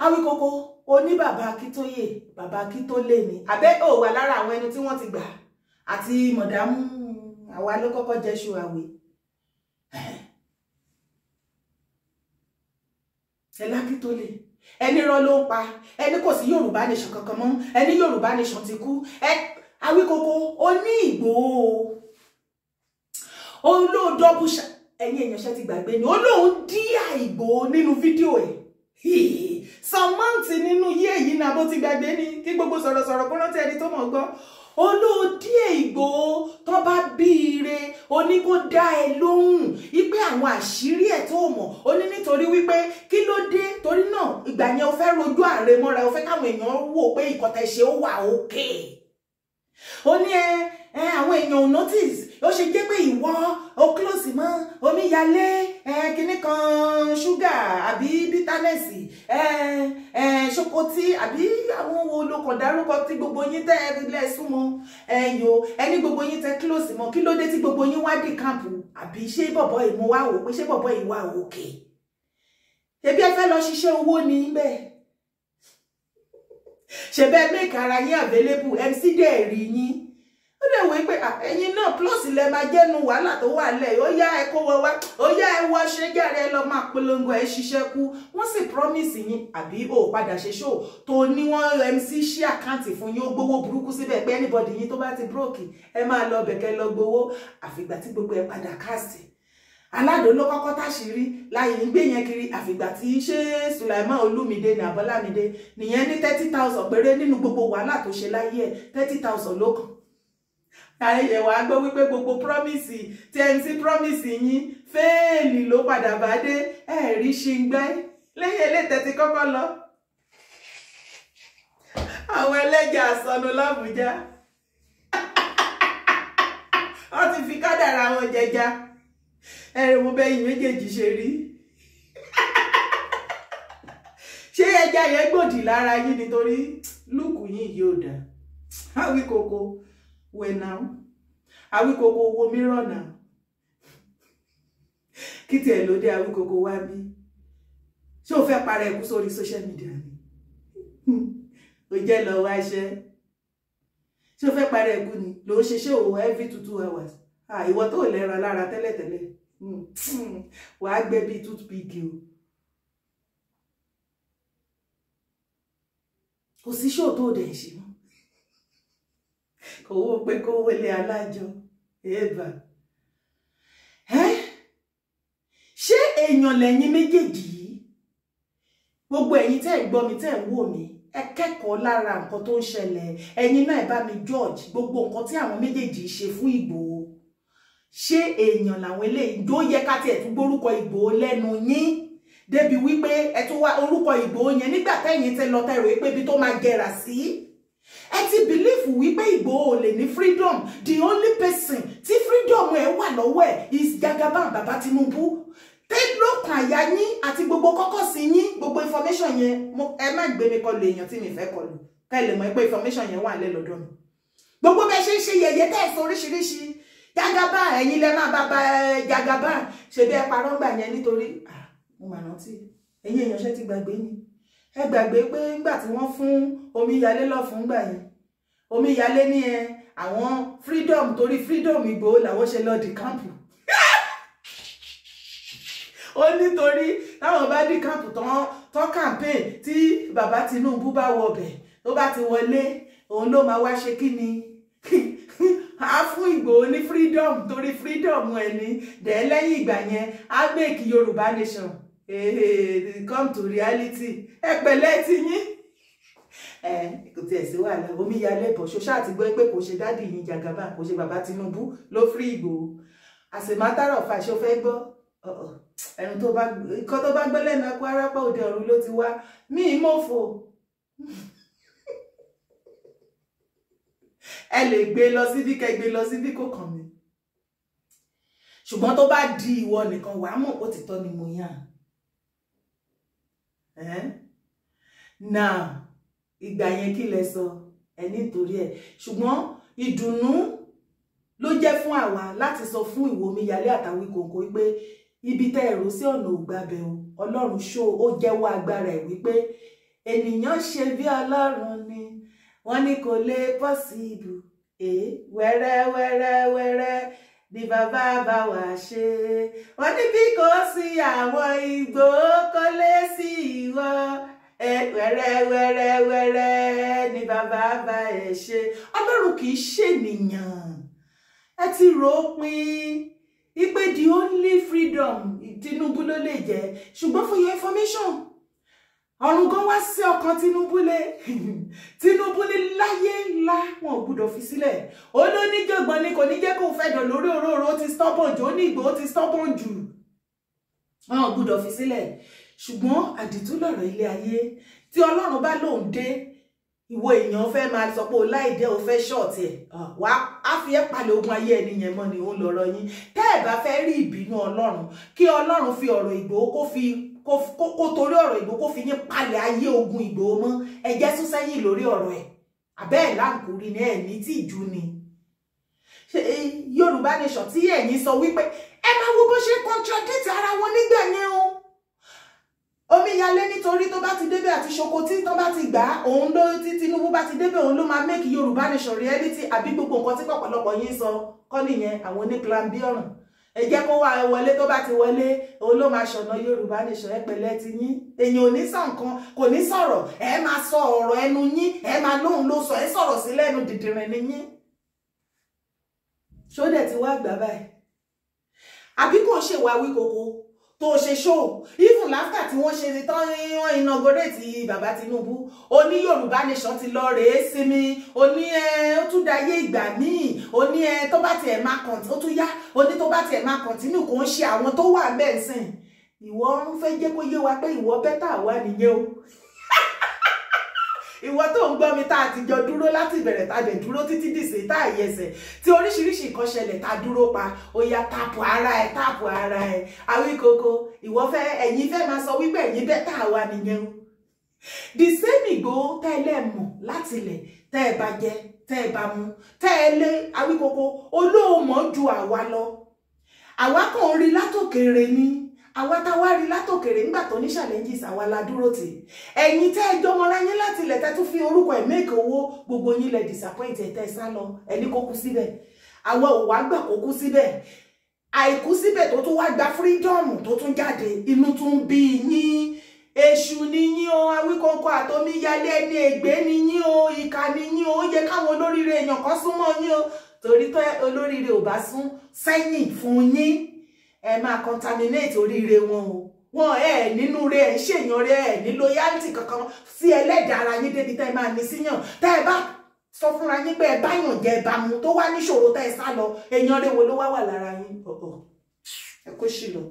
awíkókó oní bàbá akíntóyè bàbá akíntólé ni abe o wà lára àwọn ẹni tí wọ́n ti gbà àti mọ̀dámù àwa ló kọ́kọ́ jẹ́ ṣùwàwé ẹlákítólé ẹni rán ló ń pa ẹni kò sí yorùbá nation kankan mọ́ ẹni yorùbá nation ti kú ẹ awíkókó ó ní ìgbòho ó ló dọ́bù ẹ̀yìn èèyàn ṣe ti gbàgbé ni ó lóun díà ìgbòho nínú fídíò ẹ̀ hìí sọmọ́ǹtì nínú yíyẹ yìí ni abó ti gbàgbé ni kí gbogbo sọ̀rọ̀sọ̀rọ̀ kó rántí ẹni tó mọ̀ gbọ́ olóòdì Ìgbòho tó bá bíire o ní kó dá ẹ lóhùn wípé àwọn àṣírí ẹ tó mọ̀ o ní nítorí wípé kí ló dé torí náà ìgbà yẹn o fẹ́ rojú ààrẹ mọ́ra o fẹ́ káwọn èèyàn wò pé ìkọtẹ̀ṣe ó wà òkè o ní ẹ àwọn èèyàn notice ó ṣe jẹ́ pé ìwọ o close mọ́ omíyalé kíní kan ṣúgà àbí bítálẹ̀sì ṣokotí àbí àwọn wo ló kàn dárúkọ tí gbogbo yín tẹ́ ẹ̀rílẹ̀ súnmọ́ ẹ̀yìn o ẹni gbogbo yín tẹ́ kílòsì mọ́ kí ló dé tí gbogbo yín wá dì kàǹpù àbí ṣé bọ̀bọ̀ ìmọ̀ wá wò pé ṣé bọ̀bọ̀ ìwà òkè ebi ẹ fẹ́ lọ ṣiṣẹ́ owó ní bẹ́ẹ̀ ṣe bẹ́ẹ̀ make yín available mc dẹ̀ rí yín ó lè wí pé ẹ̀yin náà plus ilẹ̀ máa jẹ́nu wàhálà tó wà lẹ̀ ó yá ẹ kó wọ ó yá ẹ wọ ṣe jàre lọ máa polongo ẹ ṣiṣẹ́ kú wọ́n sì promise yín àbí ó padà ṣe show tó ní wọ́n mc ṣí àkáǹtì fún yín ó gbowó burúkú síbẹ̀ pé anybody yín tó bá ti broke ẹ máa lọ bẹ̀kẹ́ lọ gbowó àfìgbà tí gbogbo ẹ padà káàsì aládò ló kọ́kọ́ táṣìírí láyé nígbé yẹn kiri àfìgbà tí ṣé Sulaiman Olúmídé ní Abọ́lámídé nìyẹn ní thirty thousand péré nínú gbogbo wàhálà tó ṣe láyé ẹ̀ thirty thousand ló kàn ayẹyẹ wàá gbọ́ wípé gbogbo promise tnt promise yín fẹ́ẹ̀lì ló padà bá dé ẹ̀rí ṣìngbẹ́ lẹ́yìn elétẹ̀tì kọ́kọ́ lọ. àwọn ẹlẹ́jà àsọnu làbújá *laughs* wọ́n ti fi kádàrà wọn jẹja ẹ̀rù mo bẹ́yìn méjèèjì ṣe rí *laughs* ṣé ẹja yẹn gbòdì lára yín nítorí lùkù yín yóò dà áwí kòkó. Where now? Awíkoko wo mìíràn náà? Kí tiẹ̀ ló dé Awíkoko wá bí? Ṣé o fẹ́ para ẹ̀kú sórí social media ni? O jẹ́ lọ wá iṣẹ́. Ṣé o fẹ́ para ẹ̀kú ni? Lò ó ṣe ṣé òwò every two two hours. Ìwọ tó lẹ́ra lára tẹ́lẹ̀tẹ́lẹ̀. Wàá gbé bíi toothpick o. Kò sí ṣòótọ́ òdẹ̀ ìṣẹ́ mọ́ kówó pé kówó lé alájọ èèbà ẹ ṣé èèyàn lẹ́yìn méjèèjì yìí gbogbo ẹ̀yin tẹ́ ẹ̀ gbọ́ mi tẹ́ ẹ̀ wò mí ẹ kẹ́kọ̀ọ́ lára nǹkan tó ń ṣẹlẹ̀ ẹ̀yin náà ẹ bá mi George gbogbo nǹkan tí àwọn méjèèjì ṣe fún Ìgbòho ṣé èèyàn làwọn eléyìí tó yẹ ká tiẹ̀ tún gbórúkọ Ìgbòho lẹ́nu yín débi wípé ẹ tún wá orúkọ Ìgbòho yẹn nígbà tẹ́yìn tẹ lọ tẹ̀rọ pé ibi tó máa gẹ̀rà sí ẹ ti bìlífù wípé Ìgbòho lè ní freedom the only person tí freedom ẹ wà lọ́wọ́ ẹ̀ is gagaban bàbá Tinubu tẹ́lọ́kùn àyà yín àti gbogbo kọ́kọ́ sí yín gbogbo information yẹn ẹ má gbé mi kọlu èèyàn tí mi fẹ́ kọlu ká ẹ lè mọ̀ pé information yẹn wà lẹ́ lọ́dọ̀ mi gbogbo bẹ́ẹ̀ ṣe ń ṣe yẹ̀yẹ́ tẹ́ ẹ̀ sọ oríṣiríṣi gagaban ẹ̀yin lẹ́ máa bá ba Jagaban ṣe bí ẹ parọ́ gbà yẹn nítorí mo mà rántí ẹ̀yin èèyàn ti gbàgbé yín ẹ gbàgbé pé nígbà tí wọ́n fún omíyalé lọ́fun gbà yẹn omíyalé ní ẹ àwọn freedom torí freedom Ìgbòho làwọn ṣe lọ di kámpù ó nítorí táwọn bá di kámpù tán tán campaign tí bàbá Tinubu bá wọbẹ̀ tó bá ti wọlé òun ló máa wá ṣe kí ni *laughs* a fún Ìgbòho ní freedom torí freedom ẹni dẹ̀ lẹ́yìn ìgbà yẹn á gbé kí Yorùbá nation come to reality ẹ pẹ̀lẹ́ ti yín kò tiẹ̀ sí wàhálà omíyalé bọ̀ ṣoṣá àti gbọ́ pé kò ṣe dádì yín jagaba kò ṣe bàbá Tinubu ló fírí Ìgbòho àṣemátàrọ̀ fàṣọ fẹ́ gbọ́ ẹnu tó bá ikọ́ tó bá gbẹ́lẹ̀ náà kó arápá òde ọ̀run ló ti wá mí mọ̀fò ẹ lè gbé lọ síbí kẹ gbé lọ síbí kò kàn mí ṣùgbọ́n tó bá di ìwọ nìkan wàá mọ̀ ó ti tọ́ ni mo yàn án now ìgbà yẹn kí lẹ sọ ẹ nítorí ẹ ṣùgbọ́n ìdùnnú ló jẹ́ fún àwa láti sọ fún ìwọ omíyalé àtàwọn ìkòǹkò pé ibi tẹ́ ẹ̀rọ sí ọ̀nà ògbàbẹ̀ o ọlọ́run ṣó ó jẹ́wọ́ agbára ẹ̀ wípé ènìyàn ṣe bí ọlọ́run ni wọ́n ní kò lè pọ́sibù èé wẹ́rẹ́ wẹ́rẹ́ wẹ́rẹ́ ni bàbá bá wà ṣe wọ́n ní bí kò sí àwọn igbó kọ́lé sí ìwọ wẹ́rẹ́wẹ́rẹ́wẹ́rẹ́ ni bàbá bá ẹ̀ ṣe ọlọ́run kì í ṣènìyàn ẹ ti rò ó pin ipe the only freedom Tinubu ló lè jẹ́ ṣùgbọ́n for your information ọ̀run gan wá sí ọkàn Tinubu lé *laughs* Tinubu ní láyé ńlá wọn ò gbúdọ̀ fi sílẹ̀ ó ló níjọ̀gbọ́n ni kò ní jẹ́ kó fẹ̀dọ̀ lórí òróró ó ti stọ́bọ̀n jù ó ní ìgbò ó ti stọ́bọ̀n jù wọn ò gbúdọ̀ fi sílẹ̀ ṣùgbọ́n àdìtú lọ̀rọ̀ ilé ayé tí Ọlọ́run bá lóun dé ìwọ èèyàn fẹ́ máa sọ pé o láìdé o fẹ́ ṣọ́ọ̀tì ẹ̀ wá á fi ẹ́ palẹ̀ ogun ayé ẹni yẹn mọ́ ni ó ń lọ́rọ̀ yín tẹ́ ẹ̀ bá fẹ́ rí ìbínú Ọlọ́run kí Ọlọ́run fi ọ̀rọ̀ Ìgbòho kó fi kó torí ọ̀rọ̀ Ìgbòho kó fi yín palẹ̀ ayé ogun Ìgbòho mọ́ ẹ jẹ́ sún sẹ́yìn lórí ọ̀rọ̀ ẹ̀ àbẹ́ ẹ̀ láǹkórí ni ẹ̀ ní tí ìjú ni Yorùbá nation tí ẹ̀yin sọ wípé ẹ máa wo bó ṣe contradict ara wọn nígbà yẹn o omíyalé nítorí tó bá ti débẹ̀ àti Sokoti tó bá ti gbà á òun ló tí Tinubu bá ti débẹ̀ òun ló máa make Yorùbá nation reality àbí gbogbo nǹkan tí pọ̀pọ̀lọpọ̀ yín sọ kọ́ nìyẹn àwọn oníplan bí ọ̀ràn ẹ jẹ́ kó wá wọlé tó bá ti wọlé olómaṣọ̀nà yorùbá nation ẹ pẹ̀lẹ́ ti yín èyàn ò ní sàn kan kò ní sọ̀rọ̀ ẹ máa sọ ọ̀rọ̀ ẹnu yín ẹ máa lóhùn ló sọ ẹ sọ̀rọ̀ sí lẹ́nu dìdìrín ni yín ṣó dẹ̀ ti wá gbà báyìí àbí kò ṣèwà wí koko tó ṣe ṣóò even láfíà tí wọ́n ṣe tán wọ́n inaugurate bàbá Tinubu oní Yorùbá nation ti lọ rèé sinmi oní ẹ ó tún dayé ìgbà míì oní ẹ tó bá tiẹ̀ máa kàn ó tún yá oní tó bá tiẹ̀ máa continue kò ń ṣe àwọn tó wà bẹ́ẹ̀ sìn ìwọ ń fẹ́ jẹ́ kó yé wa pé ìwọ bẹ́tà wà nìyẹn o ìwọ tó ń gbọ́ mi tá a ti jọ dúró láti ìbẹ̀rẹ̀ tá a dẹ̀ dúró títí dìsè tá a yẹsẹ̀ tí oríṣiríṣi nǹkan ṣẹlẹ̀ tá a dúró pa ó yá táàpù ara ẹ̀ táàpù ara ẹ̀ Awíkoko ìwọ fẹ́ ẹ̀yin fẹ́ máa sọ wípé ẹ̀yin bẹ́ẹ̀ tá a wà nìyẹn o the same Ìgbòho tẹ́ ẹ lẹ́mọ̀ láti ilẹ̀ tẹ́ ẹ bá jẹ tẹ́ ẹ bá mu tẹ́ ẹ lé Awíkoko olóòmọ̀ ju àwa lọ àwa kàn rí látòkèrè ni àwa a wá rí látòkèrè ńgbà tó ní challenges àwa la dúró tì ẹ̀yin tẹ́ ẹ jọmọra yín láti ilẹ̀ tẹ́ tún fi orúkọ ẹ̀ méèkì owó gbogbo yín lẹ disappoint ẹ̀ tẹ́ sá lọ ẹni kó kú síbẹ̀ àwa ò wá kó kú síbẹ̀ àìkú síbẹ̀ tó tún wá gba freedom tó tún jáde inú tún bí yín èṣù ni yín o awíkóńkó àtomi yálé ẹni ègbé ni yín o ìkà ni yín o ó yẹ káwọn olóríire èèyàn kan súnmọ́ yín o torí tó olóríire ò bá sún sẹ́yìn fún yín ẹ máa contaminate oríire wọn o wọn ẹ nínú rẹ ẹ ṣèyàn rẹ ẹ ní loyalty kankan sí ẹlẹ́dàá ara yín débi tá ẹ máa ní síyàn tá ẹ bá sọ fúnra yín pé ẹ báyàn jẹ ìbámu tó wá níṣòro tá ẹ sá lọ èèyàn rẹ wo ló wá wà lára yín ọ̀ọ̀ ẹ kó sì lọ.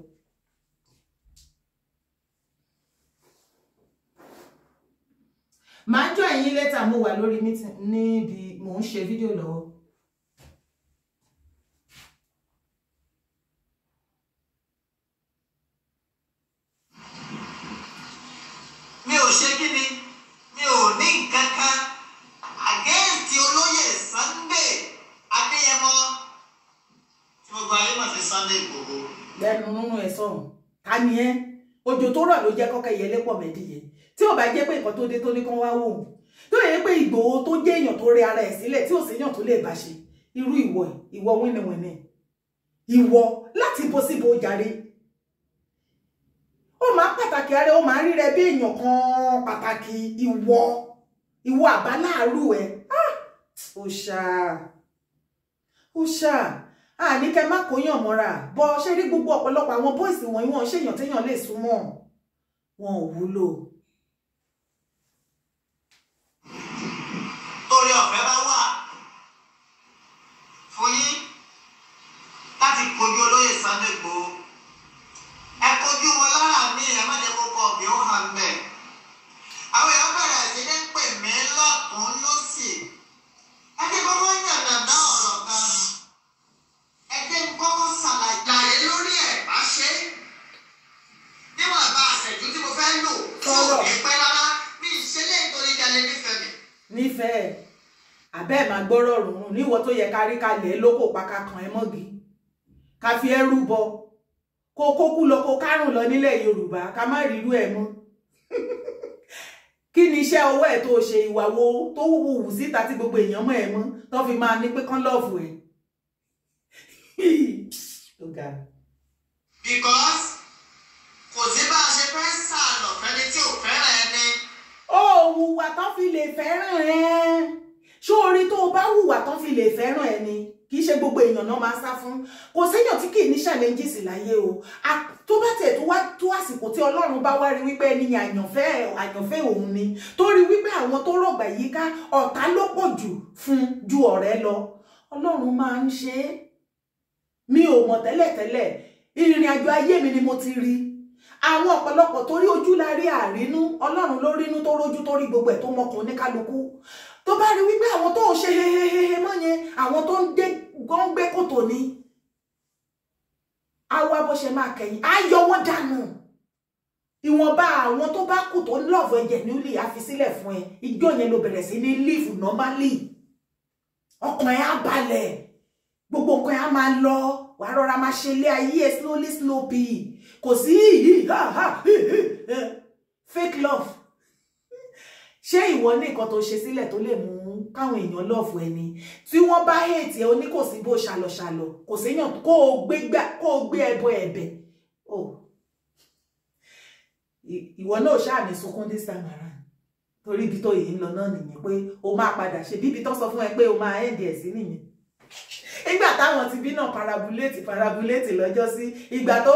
màá jọ ẹ̀yin lẹ́tà mo wà lórí níbi mò ń ṣe fídíò lọ́wọ́. ò ṣe kí ni mi ò ní nǹkan àgẹ́ǹtì olóyè Sunday Adéyẹmọ tí gbogbo ayé mà fi Sunday Ìgbòho. lẹ́nu nínú ẹ̀ sọ̀rọ̀ ká ní ẹ́ òjò tó rọ̀ ló jẹ́ kọ́kẹ́ yẹlé pọ̀ mẹ́díye tí ò bá jẹ́ pé nǹkan tó dé tó ní kán wá wò tó yẹ pé Ìgbòho tó jẹ́ èèyàn tó rẹ ara ẹ̀ sílẹ̀ tí ò sí èèyàn tó lè bá ṣe irú ìwọ ìwọ wíníwíní ìwọ láti bó síbo jàre ó máa pàtàkì ara ó máa rírẹ bí èèyàn kan pàtàkì ìwọ ìwọ àbá láàárù ẹ ah ṣá ó ṣá àní kẹ má kóyàn mọ́ra bọ́ ṣe rí gbogbo ọ̀pọ̀lọpọ̀ àwọn bóìsì wọ̀nyí wọn ṣèyàn téèyàn lè súnmọ́ wọn ò wúlò. orí ọ̀fẹ́ bá wà fún yín láti kojú olóyè Sunday ẹ̀kọ́jú wọn lára mi ẹ̀ má jẹ́ kókó ọ̀bì ó hàn bẹ́ẹ̀. àwọn èèyàn bẹ̀rẹ̀ sí ní pè mí lọ́kùn lọ́sì. ẹgbẹ́ kọ́kọ́ yànnà dá ọ̀rọ̀ kan. ẹgbẹ́ kọ́kọ́ ṣàlàyé lórí ẹ̀ bá ṣe. níwọ̀n bá àṣẹjú tí mo fẹ́ lò tó òbí pẹ́ rárá mi ì ṣe léyìn tó ní jalè nífẹ̀ẹ́ mi. nífẹ̀ẹ́ àbẹ́ẹ̀ máa gbọ́rọ̀ rùn níwọ̀ tó yẹ ká rí kalẹ̀ lóko pa ká kan ẹ mọ́gi ká fi ẹrú bọ kó kókú lọ kó kárùn lọ nílẹ̀ yorùbá ká má rírú ẹ̀ mọ́ *laughs* kí ni iṣẹ́ ọwọ́ ẹ̀ tó ṣe ìwà wo tó wù síta tí gbogbo èèyàn mọ̀ ẹ̀ mọ́ tó fi máa ní pé kán lọ́ọ̀fù ẹ̀. *laughs* because kò sí bá a ṣe fẹ́ sàlọ̀ fẹ́ni tí ò fẹ́ràn ẹni. ó hùwà tán fi lè fẹ́ràn ẹ ṣó orí tó o bá hùwà tán fi lè fẹ́ràn ẹni kì í ṣe gbogbo èèyàn náà máa sá fún kò séèyàn tí kì í ní challenges láyé o tó bá tẹ̀ tó wá tó àsìkò tí ọlọ́run bá wá rí wípé ẹni àyànfẹ́ àyànfẹ́ òun ni tó rí wípé àwọn tó rọ̀gbà yìí ká ọ̀tá ló pọ̀ jù fún ju ọ̀rẹ́ lọ ọlọ́run máa ń ṣe é mi ò mọ̀ tẹ́lẹ̀tẹ́lẹ̀ ìrìn àjò ayé mi ni mo ti rí àwọn ọ̀pọ̀lọpọ̀ torí ojú la rí àrínú ọlọ́run ló rínú tó rójú tó rí gbogbo ẹ̀ tó mọkàn oníkálukú tó bá rí wípé àwọn tó ń ṣe hehehehe mọ́ yẹn àwọn tó ń gbé gbọ́ngbé kòtò ni awa bó ṣe máa kẹ̀yìn á yọ wọ́n dànù ìwọ̀nba àwọn tó bá kù tó ń lọ́ọ̀fù ẹ̀jẹ̀ nílì àfisílẹ̀ fún ẹ ìjọ yẹn ló bẹ̀rẹ̀ sí ní lífù nọ́málì ọkàn ẹ á balẹ̀ gbogbo nǹkan ẹ á máa lọ wàá rọra máa ṣe ilé ayé ẹ slowly slowly kò sí yìí ha ha fake love ṣé ìwọ ní nǹkan tó ṣe sílẹ̀ tó lè mú káwọn èèyàn lọ́ọ̀fù ẹni tí wọ́n bá hẹ̀tì ẹ o ní kò sí bó ṣàlọ̀ṣàlọ̀ kò séèyàn kó o gbé ẹbọ ẹ̀bẹ̀ o ìwọ náà ṣáà ní sunkún this time around torí ibi tó yìí ń lọ náà nìyẹn pé o máa padà ṣe bíbi tó sọ fún ẹ pé o máa ẹ̀ǹdì ẹ̀ sí nìyẹn ìgbà táwọn ti bí náà parabuléètì parabuléètì lọ́jọ́ sí ìgbà tó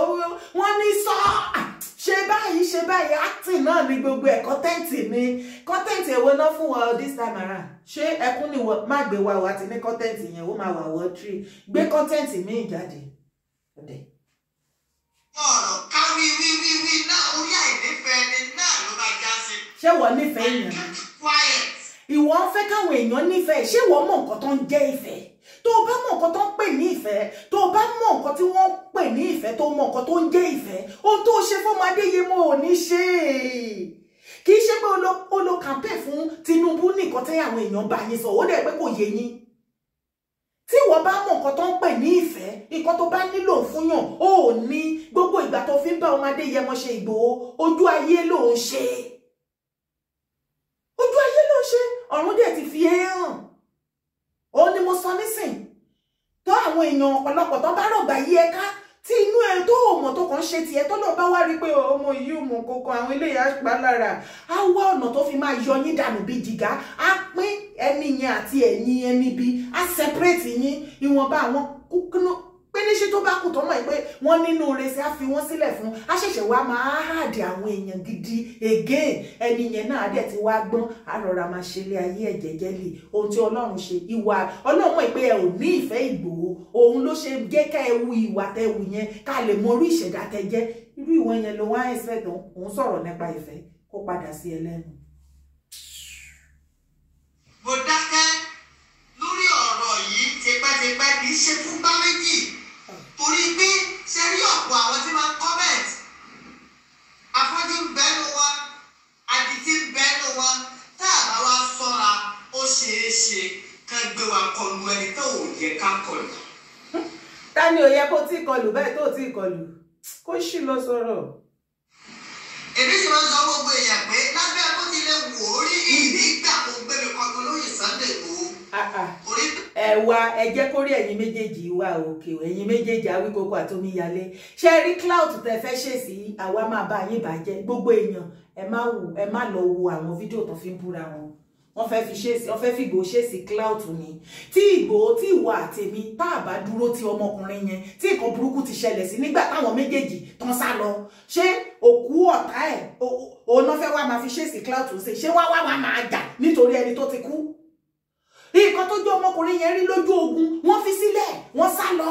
wọ́n ní sọ́ọ́ ṣe báyìí ṣe báyìí acting náà ni gbogbo ẹ̀ kọ́tẹ́ǹtì ni kọ́tẹ́ǹtì èwo náà fún wọn this time around ṣé ẹkún ni wọ́n má gbé wa wá ti ní kọ́tẹ́ǹtì yẹn ó máa wà wọ́ three gbé kọ́tẹ́ǹtì míì jáde. ọ̀rọ̀ kárí wíwíwí náà orí àìnífẹ̀ẹ́ ni náà ló máa já sí. ṣé wọ́n nífẹ̀ẹ́ yẹn. quiet ìwọ ń fẹ́ káwọn èèyàn nífẹ̀ẹ́ ṣé ìwọ mọ̀ nǹkan tó ń jẹ́ ìfẹ́ tó o bá mọ̀ nǹkan tó ń pè ní ìfẹ́ tó o bá mọ̀ nǹkan tí wọ́n ń pè ní ìfẹ́ tó mọ̀ nǹkan tó ń jẹ́ ìfẹ́ ohun tó ṣe fọ́mọ Adéyẹmọ ò ní ṣe kì í ṣe pé ó fún Tinubu nìkan tẹ́ àwọn èèyàn bá yín sọ ó dẹ̀ pé kò yé yín tí ìwọ bá mọ̀ nǹkan tó ń pè ní ìfẹ́ nǹkan tó bá nílò fún yàn ó ní gbogbo ìgbà tó fi ń bá ọmọ Adéyẹmọ ṣe Ìgbòho ojú ayé ló ṣe ọ̀run dẹ̀ ti fi é hàn òun ni mo sọ nísìn tó àwọn èèyàn ọ̀pọ̀lọpọ̀ tó bá rògbà yí ẹ ká tí inú ẹ tó mọ̀ tó kàn ṣe tiẹ̀ tó lọ bá wá rí i pé ọmọ yìí mọ̀ kankan àwọn eléyìí àgbà lára á wá ọ̀nà tó fi máa yọ yín dànù bíi jìgá á pín ẹni yẹn àti ẹ̀yìn ẹni bíi á separate yín ìwọ̀nba àwọn kúkúnú pé níṣẹ́ tó bá kù tó mọ̀ pé wọ́n nínú resi á fi wọ́n sílẹ̀ fún á ṣẹ̀ṣẹ̀ wá máa hàdì àwọn èèyàn gidi again ẹni yẹn náà dẹ̀ ti wá gbọ́n á rọra máa ṣe ilé ayé ẹ̀ jẹ́jẹ́lì ohun tí ọlọ́run ṣe ìwà ọlọ́run mọ̀ pé ẹ ò ní ìfẹ́ ìgbòho òun ló ṣe jẹ́ ká ẹ wu ìwà tẹ wù yẹn ká lè mọ orí ìṣẹ̀dá tẹ jẹ́ irú ìwọ yẹn ló wá ẹ̀sẹ̀ òun sọ̀rọ̀ nípa ìfẹ́ kó padà sí ẹlẹ́nu. mo dákẹ́ lórí ọ̀rọ̀ yìí tipẹ́tipẹ́ kì í ṣe fún bá torí pé ṣe rí ọ̀pọ̀ àwọn tí máa ń comment afọ́jú ń bẹ́ nu wa àdìtí ń bẹ́ nu wa tá a bá wá sọ́ra ó ṣeé ṣe ká gbé wa kọlu ẹni tó ò yẹ ká kọlu. ta ni ò yẹ kó tí kọlù báyìí tó tí kọlù kó ṣì lọ sọ̀rọ̀ èmi sì máa ń sọ gbogbo èèyàn pé lábẹ́ àkótílẹ̀ wò ó rí ìdígbà kó gbẹ̀mí kọ́kọ́ lóye Sunday tó. Ah, ah. ẹ wá ẹ jẹ́ kó rí ẹ̀yin méjèèjì wá òkè ẹ̀yin méjèèjì Awíkókó àt'Omíyalé ṣé ẹ rí clout tẹ fẹ́ ṣèṣì àwa máa bá yín bàjẹ́ gbogbo èèyàn ẹ má lọ wo àwọn fídíò tó fi ń búra wọn wọ́n fẹ́ fi ṣèèsì wọ́n fẹ́ fi ìgbò ṣèèsì clout ni tí ìgbò tí ìwọ àtèmi tá a bá dúró ti ọmọkùnrin yẹn tí nǹkan burúkú ti ṣẹlẹ̀ sí nígbà táwọn méjèèjì tán sá lọ ṣé òkú ọ̀tá ẹ̀ òun náà fẹ́ wá máa fi ṣèèsì clout ṣe ṣé wá wá wá máa jà nítorí ẹni tó ti kú nǹkan tó jẹ́ ọmọkùnrin yẹn rí lójú ogun wọ́n fi sílẹ̀ wọ́n sá lọ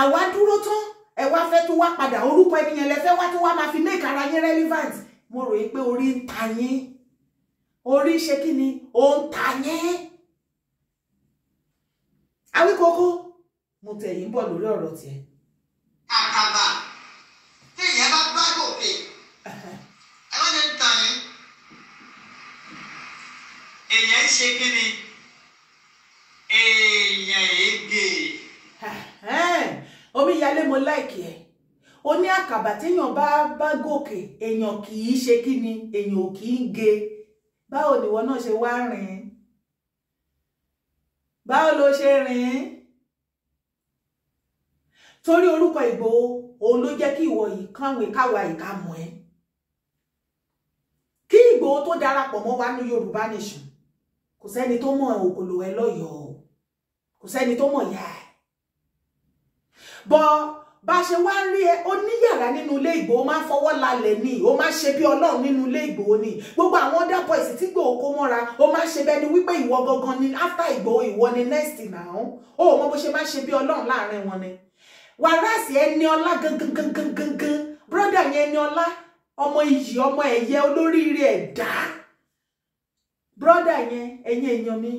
àwa dúró tán ẹ wá fẹ́ tó wá padà orúkọ ẹni yẹn lẹ fẹ́ wá tó wá máa fi make ara relevant mo rò yín pé orí ń ta yín orí ṣe kí ni ó ń ta yẹn awíkókó mo tẹ̀yìn bọ̀ lórí ọ̀rọ̀ tiẹ̀. àkàbà téèyàn bá bá gòkè *laughs* ẹ má ṣe ń tàn yín èèyàn ṣe kí ni èèyàn èdè. omi ìyálé mo láìkì ẹ ó ní àkàbà téèyàn bá bá gòkè èèyàn kì í ṣe kí ni èèyàn ò kì í ge báwo nìwọ náà ṣe wá rìn báwo ló ṣe rìn torí orúkọ Ìgbòho òun ló jẹ́ kí ìwọ yìí káwọn káwa ìka mọ̀ ẹ́ kí Ìgbòho tó darapọ̀ mọ́ wa ní Yorùbá nation kò sẹ́ni tó mọ̀ òkòlò ẹ lọ́yọ̀ọ́ kò sẹ́ni tó mọ̀ yá ẹ̀ bọ́ bá a ṣe wá rí ẹ ó ní yàrá nínú ilé Ìgbòho máa ń fọwọ́ lálẹ̀ ni ó máa ń ṣe bí ọlọ́run nínú ilé Ìgbòho ni gbogbo àwọn other boys tí Ìgbòho kó mọ́ra ó máa ń ṣe bẹ́ẹ̀ ni wípé ìwọ gangan ni after Ìgbòho ìwọ ni next now ó mọ bó ṣe máa ń ṣe bí ọlọ́run láàrin wọn ni wàrásì ẹni ọlá gangan gangan gangan brọ́dà yẹn ẹni ọlá ọmọ iyì ọmọ ẹ̀yẹ olóríire ẹ̀dá brọ́dà yẹn ẹ̀yin èèyàn mi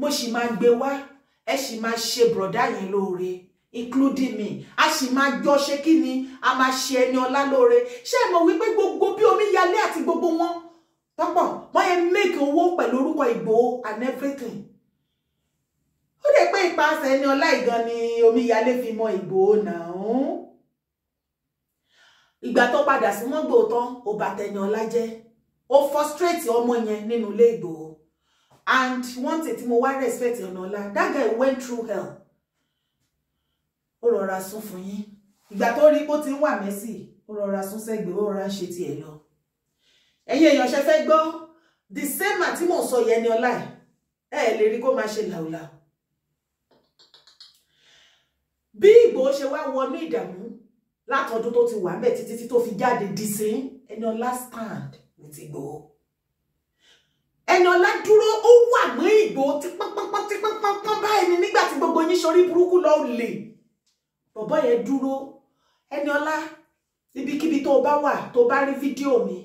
mo sì máa gbé wá ẹ sì máa ṣe brọ́dà yẹn lóore including me a sì máa jọ ṣe kí ni a máa ṣe ẹni ọlá lóore ṣé ẹ mọ̀ wípé gbogbo bí omi yalé àti gbogbo wọn tọ́pọ̀ wọ́n yẹn make owó pẹ̀lú orúkọ Ìgbòho and everything ó lè pé ìpasẹ̀ ẹni ọlá ìgan ni omi yalé fi mọ Ìgbòho náà ìgbà tó padà sí mọ́gbò tán ó bà tẹni ọlá jẹ́ ó frustrate ọmọ yẹn nínú ilé Ìgbòho and one thing tí mo wá respect ọ̀nà ọlá that guy went through hell ó rọra sún fún yín ìgbà tó rí bó ti ń wà mẹ́sì ó rọra sún sẹ́gbẹ̀ẹ́ ó rọra ń ṣe tiẹ̀ lọ ẹ̀yin èèyàn ṣe fẹ́ gbọ́ the same man tí mò ń sọ yẹn ni ọlá ẹ̀ ẹ̀ lè rí kó máa ṣe làwùlàwù bí Ìgbòho ṣe wá wọnú ìdààmú látọdún tó ti wà ń bẹ títí tó fi jáde dìsín Ẹniọlá stand with Ìgbòho Ẹniọlá dúró ó wà mọ́ Ìgbòho tí pọ́npọ́npọ́n tí pọ́npọ́npọ́n báyìí ni nígbà tí gbogbo yín ṣorí burúkú lọ́ọ́ lè bọ̀bọ́ yẹn dúró ẹni ọlá ibikíbi tó bá wà tó bá rí fídíò mi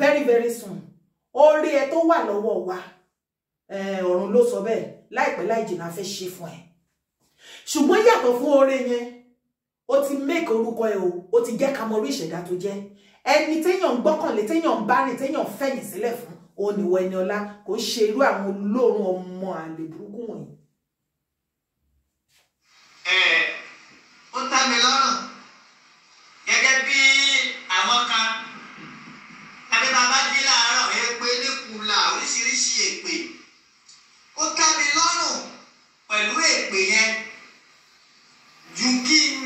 very very soon oore ẹ tó wà lọ́wọ́ wa ọ̀run ló sọ bẹ́ẹ̀ láìpẹ́ láì jìnnà fẹ́ ṣe fún ẹ ṣùgbọ́n yàtọ̀ fún oore yẹn ó ti make orúkọ ẹ o ó ti jẹ́ ká mọ orí ìṣẹ̀dá tó jẹ́ ẹni téèyàn ń gbọ́kànlé téèyàn ń bá rìn téèyàn fẹ̀yìn sílẹ̀ fún òun ẹni ọlá kò ń ṣe irú àwọn olóòórùn ọmọ àlè burúkú wọ̀nyí ó tẹ́ mi lọ́rùn gẹ́gẹ́ bí àwọn kan tàbí bàbá jí láàárọ̀ èpè nípùlà oríṣiríṣi èpè ó tẹ́ mi lọ́rùn pẹ̀lú èpè yẹn ju kí n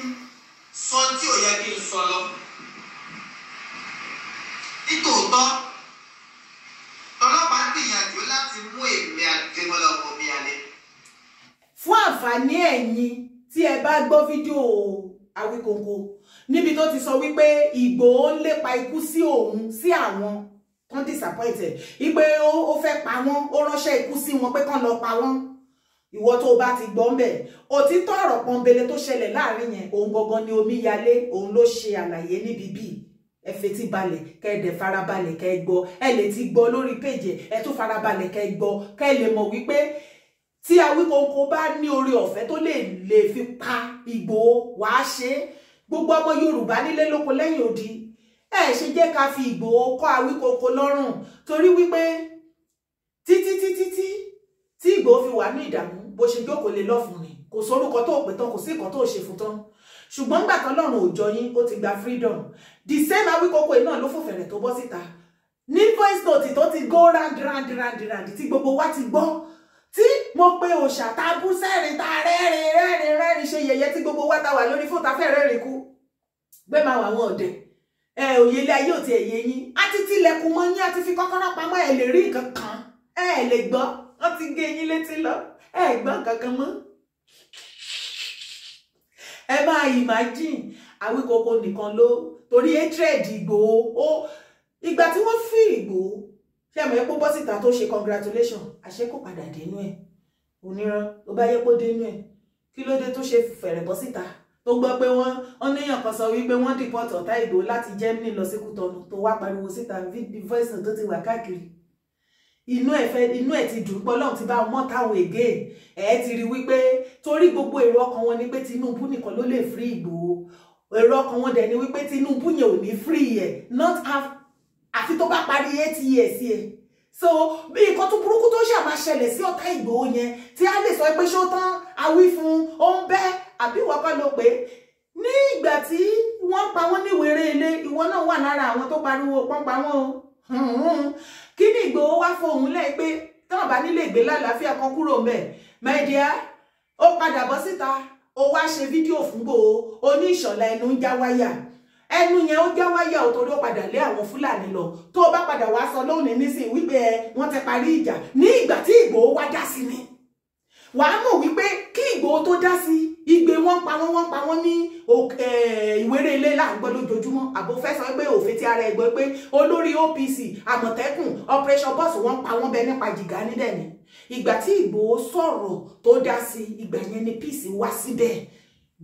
sọ tí ò yẹ kí n sọ lọ nítòótọ́ ọlọ́pàá fún àǹfààní ẹ̀yin tí ẹ bá gbọ́ fídíò Awíkonko níbi tó ti sọ wípé Ìgbòho ń lépa ikú sí òun sí àwọn kan disappointed wípé ó fẹ́ pa wọ́n ó ránṣẹ́ ikú sí wọn pé kán lọ pa wọ́n ìwọ tó bá ti gbọ́ mbẹ̀ òtítọ́ ọ̀rọ̀ pọ́nbele tó ṣẹlẹ̀ láàrin yẹn òun gangan ni omíyalé òun ló ṣe àlàyé níbi bíi ẹ fetí balẹ̀ kẹ́ ẹ dẹ̀ farabalẹ̀ kẹ́ ẹ gbọ́ ẹ lè ti gbọ́ lórí péjì ẹ tún farabalẹ̀ kẹ́ ẹ gbọ́ kẹ́ ẹ lè mọ̀ wípé tí Awíkonko bá ní orí ọ̀fẹ́ tó lè lè fi pa Ìgbòho wàá ṣe gbogbo ọmọ Yorùbá nílé lóko lẹ́yìn odi ẹ ṣe jẹ́ ká fi Ìgbòho kọ́ Awíkonko lọ́rùn torí wípé títí títí tí tí Ìgbòho fi wà ní ìdààmú bó ṣe jókòó lé lọ́fun ni kò sórúkọ tó pè tán kò sí nǹkan tó ṣe fún tán ṣùgbọ́n gbà tán lọ́rùn òjọ yín ó ti gba freedom the same Awíkonko náà ló fòfẹ̀rẹ̀ tó bọ́ síta ní voice note tó ti go round round round round. tí gbogbo wa ti gbọ́ mo pe òòṣà tá a bú sẹ́rìn tá a rẹ́rìn rẹ́rìn rẹ́rìn ṣe yẹ̀yẹ́ tí gbogbo wa ta wà lórí fóònù tá a fẹ́ rẹ́rìn kú gbé máa wà wọn ọ̀dẹ̀ ẹ òye ilé ayé òtí ẹ̀yẹ yín a ti tilẹ̀kùn mọ́ yín a fi kọ́kọ́rọ́ pamọ́ ẹ̀ lè rí nǹkan kan ẹ̀ lè gbọ́ wọ́n ti gé yín létí lọ ẹ̀ gbọ́ nǹkan kan mọ́ ẹ máa imagine Awíkókó nìkan ló torí hatred Ìgbòho ó ìgbà tí wọ́n fi Ìgbòho ṣé ẹ mọ̀ ẹ́ pọ́ bọ́sìta tó ṣe congratulation àṣẹ kò padà dénú ẹ̀ oníran ló bá yẹ kó dé inú ẹ̀ kí ló dé tó ṣe fẹ̀rẹ̀ bọ́ síta tó gbọ́ pé wọ́n wọ́n níyàn kan sọ wípé wọ́n dìpọ́tì ọ̀tá ìgbò láti Germany lọ sí Kútọ́nù tó wá pariwo síta voice tó ti wà káàkiri inú ẹ fẹ inú ẹ ti dùn pé Ọlọ́run ti bá ọmọ táwọn ègé ẹ ti rí wípé torí gbogbo èrò ọkàn wọn ni pé Tinubu nìkan ló lè free Ìgbòho èrò ọkàn wọn dẹ̀ ni wípé Tinubu yẹn ò ní free yẹ not have àfi tó bá parí eight years yẹ so bí nǹkan tó burúkú tó ṣe àmà ṣẹlẹ̀ sí ọ̀tá Ìgbòho yẹn tí a lè sọ pé ṣó tán awí fún ó ń bẹ́ àbí ìwọ kọ́ ló pé ní ìgbà tí wọ́n pa wọ́n ní wèrè ilé ìwọ náà wà lára àwọn tó pariwo pọ́npa wọn o kí ni Ìgbòho wá fohùn lẹ́ pé tán bá nílé ìgbé lálàáfíà kan kúrò mẹ́ mẹ́díà ó padà bọ́ síta ó wá ṣe fídíò fún Ìgbòho oní ìṣọ̀lá ẹnu ń já wáyà ẹnu yẹn ó já wáyà ò torí ó padà lé àwọn fúlàní lọ tó o bá padà wá sọ lónìí nísìn wípé ẹ wọ́n ti parí ìjà ní ìgbà tí ìgbòho wá dá sí ni wàá mọ̀ wípé kí ìgbòho tó dá sí igbe wọ́n pa wọ́n wọ́n pa wọ́n ní ìwéré ilé láàgbọ́ lójoojúmọ́ àbò fẹ́ sọ pé òfin ti ara ẹ̀gbọ́n pé olórí OPC àmọ̀tẹ́kùn operation boss wọ́n pa wọ́n bẹ nípa jìgá nídẹ̀ ni ìgbà tí ìgbòho sọ̀rọ̀ tó dá sí ìgbà yẹn ni peace wá síbẹ̀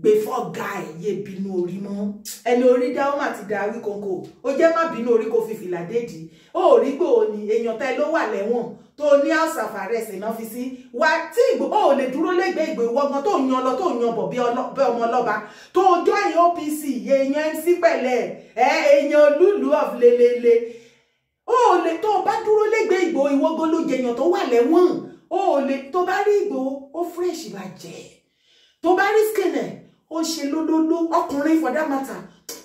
gbèfọ́ ga ẹ̀ yé bínú orí mọ́ ẹni orí dá ó mà ti da orí kòkò ó jẹ́ má bínú orí kò fi fìlà dédìí ó rí gbò ó èèyàn tẹ́ ló wà lẹ́wọ̀n tó ní house of arrest náà fi sí wa tí ìgbò ó lè dúró lẹ́gbẹ̀ẹ́ ìgbò ìwọ́gbọ́n tó yan lọ tó yan bọ̀ bí ọmọ ọlọ́ba tó join OPC èèyàn MC pẹ̀lẹ́ ẹ̀ èèyàn olúlu of lelele ó lè tó bá dúró lẹ́gbẹ̀ẹ́ ìgbò ìwọ́gbọ́n ló tó wà lẹ́wọ̀n ó lè tó bá rí ìgbò ó fresh bàjẹ́ tó bá rí skinner ó ṣe lódódó ọkùnrin for that matter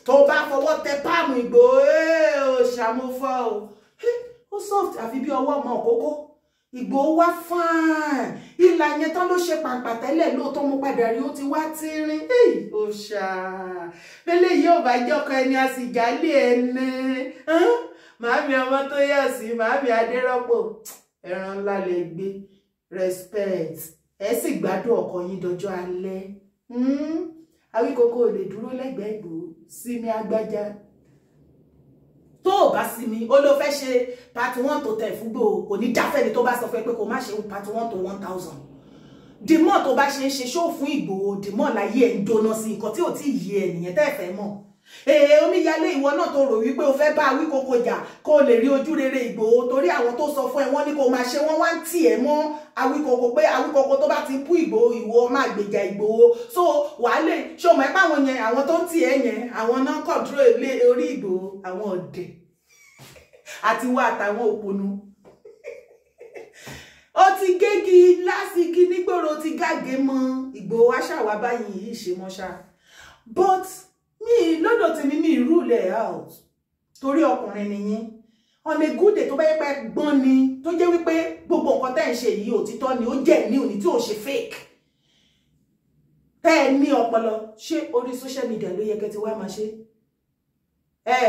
tó bá fọwọ́ tẹ páàmù ìgbò eh, ó ṣàmúfọ́ o ó soft àfi bí ọwọ́ ọmọ òkókó ìgbò wá fáàn ìlà yẹn tán ló ṣe pàǹpà tẹ́lẹ̀ lóòótọ́ mo padà rí ó ti wá tírín ó ṣá lélẹ̀ yìí ò bá jọ́kọ ẹni a sì jálè ẹni màámi ọmọ tó yà sí màámi adérọ́pọ̀ ẹran ńlá lè gbé respect ẹ sì gbádùn ọkọ yín dọjọ́ alẹ́. Hmm? Awíkókó ò lè dúró lẹ́gbẹ̀ẹ́ Ìgbòho sinmi agbájá tó o bá sinmi ó ló fẹ́ ṣe part one to ten fúgbò kò ní dáfẹ́ni tó bá sọ fẹ́ pé kò má ṣe part one to one thousand dìmọ̀ tó bá ṣe ń ṣe ṣó fún Ìgbòho dìmọ̀ láyé ẹ̀ ń dóná sí nǹkan tí ò tí ì yé ẹ̀ nìyẹn tẹ́ fẹ́ mọ̀ èè omíyalé ìwọ náà tó rò wípé o fẹ́ bá wí kókó jà kó o lè rí ojú rere Ìgbòho torí àwọn tó sọ fún ẹ wọ́n ní kó máa ṣe wọ́n wá ń tì ẹ́ mọ́ Awíkókó pé Awíkókó tó bá ti bú Ìgbòho ìwọ máa gbèjà Ìgbòho so wàá lè ṣé o mọ̀ ẹ́ páwọn yẹn àwọn tó ń tì ẹ́ yẹn àwọn náà ń kọ̀dúró ilé orí Ìgbòho àwọn ọ̀dẹ̀ àti wá àtàwọn òpònú ó ti gégi lásìkí nígboro ti gáàgé mọ Ìgbòho aṣáwá but mi lọ́dọ̀ tèmi mi rule ẹ̀ out torí ọkùnrin nìyí ọ̀nà ìgúdè tó bá yẹ pé gbọ́n ni tó jẹ́ wípé gbogbo nǹkan tẹ́ ń ṣe yìí òtítọ́ ni ó jẹ́ ní òní tí ò ṣe fake tẹ́ ẹ ní ọpọlọ ṣé orí social media ló yẹ kẹ́ ti wá máa ṣe ẹ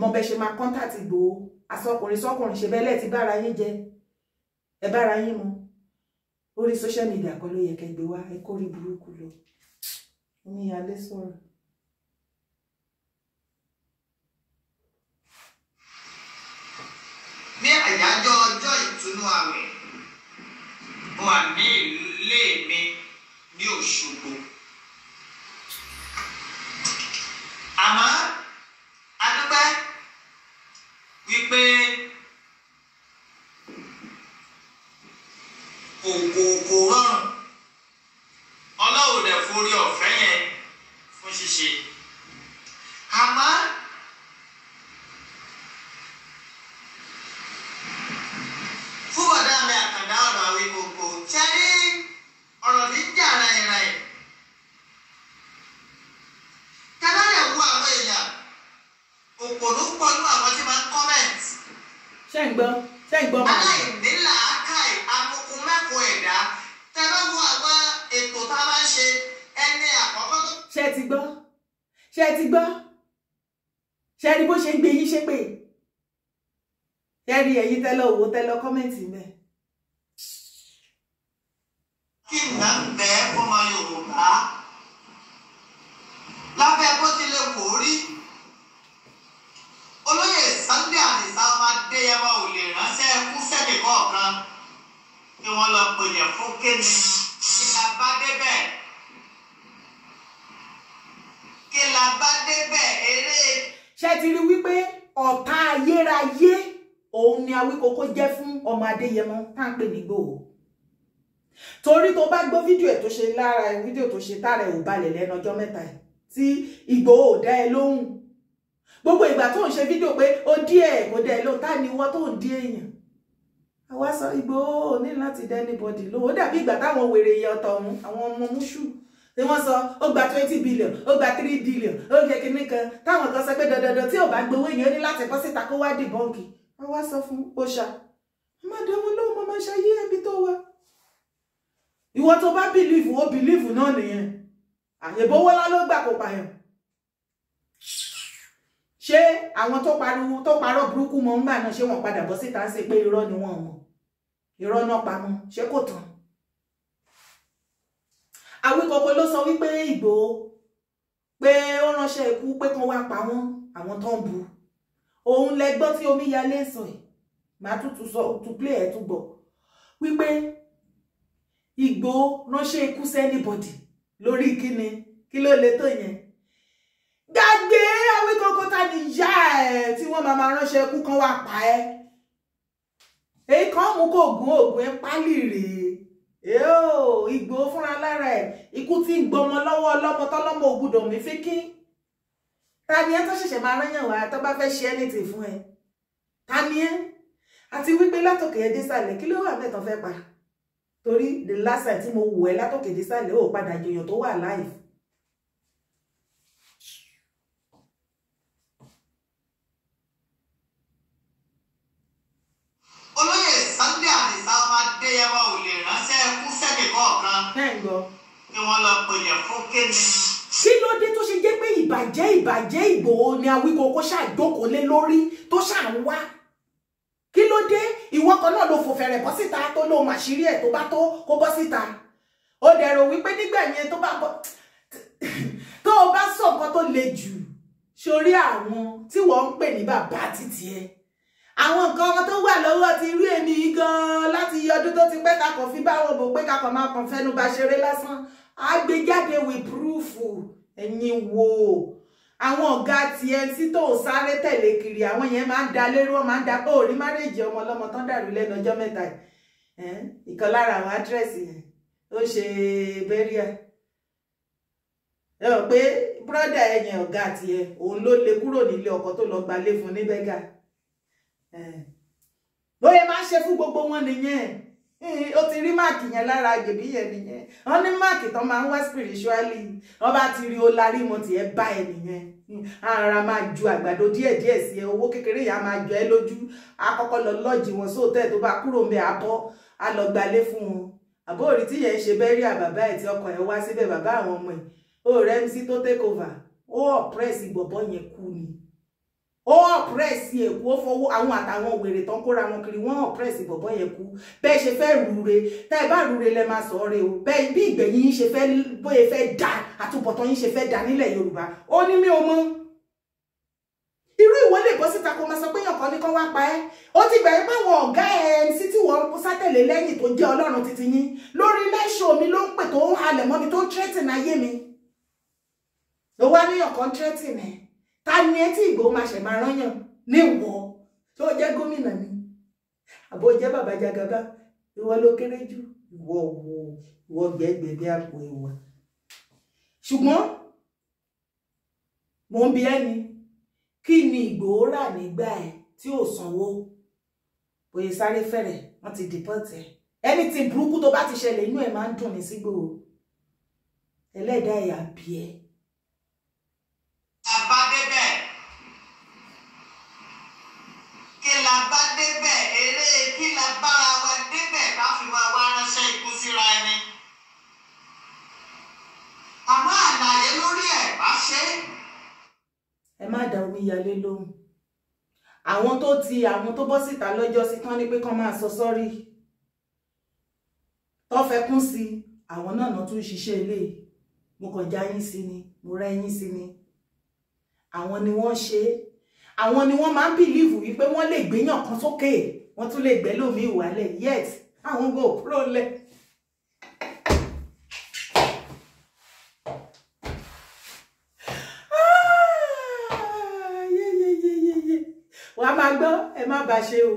mọ bẹ ṣe máa contact Ìgbòho àsọkùnrin sọkùnrin ṣe bẹ́ẹ̀ lẹ́ẹ̀tì bára yín jẹ ẹ bára yín mu orí social media kọ́ ló yẹ kẹ́ gbé wá ẹ kórìí burúkú lọ ní alẹ́ sọ̀rọ̀. ní àyájọ́ ọjọ́ ìtúnú àwẹ̀ mo wà ní ilé mi ní Òṣogbo àmọ́ adúpẹ́ wípé kòkòkò rọrùn ọlọ́run dẹ̀ forí ọ̀fẹ́ yẹn fún ṣíṣe àmọ́. bàbá mi àkàndá ọ̀rọ̀ àwí gbogbo tẹ́rí ọ̀rọ̀ tí ń jà ráìráì. tẹ́lẹ̀rẹ̀ wú àwọn èèyàn òpònú pọ̀ nínú àwọn tí máa ń comment. ṣé ń gbọ́ ṣé ń gbọ́ màá. akai káì amukun mẹ́kọ̀ọ́ ẹ̀dá tẹ́lẹ̀ wú àwọn ètò tá a bá ń ṣe ẹni àkọ́kọ́ tó. ṣé ti gbọ́ ṣé ti gbọ́ ṣé ẹni bó ṣe ń gbé yín ṣépè yẹ́rí ẹ̀yin tẹ́lẹ̀ owó tẹ́lẹ̀ kọ́mẹ́ǹtì mẹ́ẹ̀. kan ń bẹ fọmọ Yorùbá lábẹ́ bó ti lè kó rí olóyè Sunday Àdìsá ọmọ Adéyẹmọ ò lè ránṣẹ́ kú sẹ́ni kọ̀ọ̀kan kí wọ́n lọ pèjẹ fún kéde kí la bá débẹ̀ kí la bá débẹ̀ eré. ṣé ti rí wípé ọ̀tá ayérayé òun ni Awíkókó jẹ́ fún ọmọ Adéyẹmọ tá à ń pè ní Ìgbòho torí tó bá gbọ́ fídíò ẹ̀ tó ṣe lára ẹ̀ fídíò tó ṣe tára ẹ̀ ò balẹ̀ lẹ́nu ọjọ́ mẹ́ta ẹ̀ tí Ìgbòho ò dá ẹ lóhùn gbogbo ìgbà tó ń ṣe fídíò pé ó dí ẹ̀ kò dá ẹ lóhùn tá ni wọ́n tó ń dí èèyàn àwa sọ Ìgbòho ò ní láti dá anybody lóhùn ó dàbí ìgbà táwọn wèrè yẹ ọ̀tọ̀ ọ̀hún àwọn ọmọ múṣù ni wọ́n sọ ó gba twenty billion ó gba three billion ó jẹ́ kinní kan táwọn kan sọ pé dandandan tí ò bá gbowó èèyàn ó ní láti bọ́ síta kó wá dìbọ́ǹkì wọ́n wá sọ fún ọṣà ọmọdé wọn lóhùn mọ́ máa ṣayé ẹbí tó wà ìwọ tó bá bìlífù ó bìlífù náà nìyẹn àyèbówọ́lá ló gbà kó pààyàn ṣé àwọn tó pariwo tó parọ́ burúkú mọ́ ń bà náà ṣé wọ́n padà bọ́ síta ń ṣe pé irọ́ ni wọ́n mọ̀ irọ́ náà pamọ́ ṣé kò tán Awíkọ́nkọ́ ló sọ wípé Ìgbòho pé ó ránṣẹ́ ikú pé kán wá pa wọ́n àwọn tó ń bu òun lẹgbọ́n tí Omíyalé sọ ẹ̀ máa tún tún sọ tún plé ẹ̀ tún gbọ́ wípé Ìgbòho ránṣẹ́ ikú sẹ́nìbọ̀dì lórí kíni kí ló lè tó yẹn gbàgbé Awíkọ́nkọ́ ta ni ìyá ẹ̀ tí wọ́n máa máa ránṣẹ́ ikú kan wá pa ẹ́ èyí kan mú kó ògùn ògùn ẹ pálí rèé yóò Ìgbòho fúnra lára ẹ̀ ikú tí ń gbọmọ lọ́wọ́ ọlọ́mọ tọ́lọ́mọ ògbúdọ mi fi kí ta ni ẹ tó ṣẹ̀ṣẹ̀ máa rányàn wá tó bá fẹ́ ṣe anything fún ẹ ta ni ẹ àti wípé látòkè ẹ désàlẹ̀ kí ló wà bẹ́ẹ̀ tán fẹ́ pa torí the last time tí mo wò ẹ́ látòkè désàlẹ̀ ò padà jẹyàn tó wà láì olóyè Sunday Adisa ọmọ Adéyẹmọ ò lè ránṣẹ́ ẹkú sẹkẹ kọ̀ọ̀kan ni wọn lọ pèyàn fún kéde. kí ló dé tó ṣe jẹ́ pé ìbàjẹ́ ìbàjẹ́ Ìgbòho ni Awíkọ́nkọ́ ṣàjókòó lé lórí tó ṣàń kí ló dé ìwọ kan náà ló fò fẹ̀rẹ̀ bọ́ síta tó ló màṣírí ẹ̀ tó bá tó kó bọ́ síta ó dẹ̀rọ wípé nígbà yẹn tó bá bọ́ tó o bá sọ nǹkan tó le jù sórí àwọn tí wọ́n ń pè ní bàbá títí ẹ̀ àwọn nǹkan wọn tó wà lọ́wọ́ ti rí èmi gan-an láti iye ọdún tó ti pẹ́ kakọ̀ fi bá wọn bò pé kakọ̀ máa kàn fẹ́nu ba ṣeré lásán àgbéjáde with proof ẹ̀yin wo àwọn ọ̀gá tmc tó ń sáré tẹ̀lé kiri àwọn yẹn máa ń da lérú wọn máa ń da ó rí márèèjì ọmọ ọlọ́mọ tán dàrú lẹ́nu ọjọ́ mẹ́ta yìí ìkan lára àwọn àdírẹ́sì yẹn ó ṣe bẹ́ríà ẹ mọ̀ pé búrọ́dà ẹ̀yìn ọ̀gá tiẹ̀ òun ló lè kúrò nílé ọkọ tó lọ gbalé fún ní bẹ́gà bóyá máa ń ṣe fún gbogbo wọn nìyẹn *laughs* ó ti rí máàkì yẹn lára gèdè yẹn nìyẹn wọn ní máàkì tó máa ń wá spiritually wọn bá ti rí o larí mo ti ẹ bá ẹ nìyẹn ara máa ju àgbàdo díẹ̀ díẹ̀ sí ẹ owó kékeré yẹn á máa jọ ẹ lójú àkọ́kọ́ lọ lọọjì wọn sóòtẹ tó bá kúrò ń bẹ abọ á fún wọn àbó òrì tí yẹn ṣe bẹ́rí àbàbá ẹ̀ tí ọkọ̀ ẹ̀ wá síbẹ̀ bàbá àwọn ọmọ ẹ̀ ó rẹ́ mc tó take over ó ọ̀pẹ́rẹ́sì bọ̀bọ́ yẹn kú ni ó ọ̀pẹ́ẹ̀sì èkó fọwọ́ àwọn àtàwọn wèrè tán kóra wọn kiri wọ́n ọ̀pẹ́ẹ̀sì bọ̀bọ́ yẹn kú bẹ́ẹ̀ ṣe fẹ́ rúre tẹ́ ẹ bá rúre lẹ máa sọ re o bẹ́ẹ̀ bí ìgbẹ̀yìn yín ṣe fẹ́ bóyá fẹ́ dà àtúbọ̀tán yín ṣe fẹ́ dà nílẹ̀ Yorùbá ó ní mi ò mọ̀ irú ìwọ lè bọ́ síta kó máa sọ pé èèyàn kan ní kán wá pa ẹ́ ó ti gbẹ̀yìn pé àwọn ọ̀gá MC tí wọ́n sátẹ̀lé lẹ́yìn tó jẹ́ ọlọ́run titi yín lórí lẹ́ṣọ̀ mi ló ń pè tó ń halẹ̀ mọ́ mi tó ń tírẹ́tìn ayé mi ló wá níyàn kan tírẹ́tìn ẹ̀ ta ni etí ìgbò máa ṣẹ̀ máa rányàn níwọ̀ tó jẹ́ gómìnà ni àbò jẹ́ bàbá jagaba ìwọ ló kéré jù ìwọ wo ìwọ gbẹ́gbẹ́ bí àpò ìwà ṣùgbọ́n mò ń bi ẹni kí ni Ìgbòho rà nígbà ẹ tí ò sanwó òye sáré fẹ̀rẹ̀ wọ́n ti dìpọ́tì ẹ ẹni tí burúkú tó bá ti ṣẹlẹ̀ inú ẹ̀ máa ń dùn mí sígbò ẹlẹ́dàá ẹ̀ àbí ẹ̀ la bá débẹ̀ eré kí la bára wa débẹ̀ ká fi wá wá ránṣẹ́ ikú síra ẹni. àmọ́ àlàyé lórí ẹ̀ bá ṣe. ẹ má dá omi ìyálé lóhùn àwọn tó ti àwọn tó bọ́ síta lọ́jọ́ tán ni pé kán máa sọ sọ́rí tó kún sí àwọn náà tún ṣiṣẹ́ ilé mo kàn já yín sí ni mo rẹ́ yín sí ni àwọn ni wọ́n ṣe é àwọn ni wọ́n máa ń bìlíìfù wípé wọ́n lè gbéyàn kan sókè wọ́n tún lè gbẹ́ lómi ìwàlẹ̀ yet àwọn go pro lẹ̀. wà á máa gbọ́ ẹ má bàa ṣe o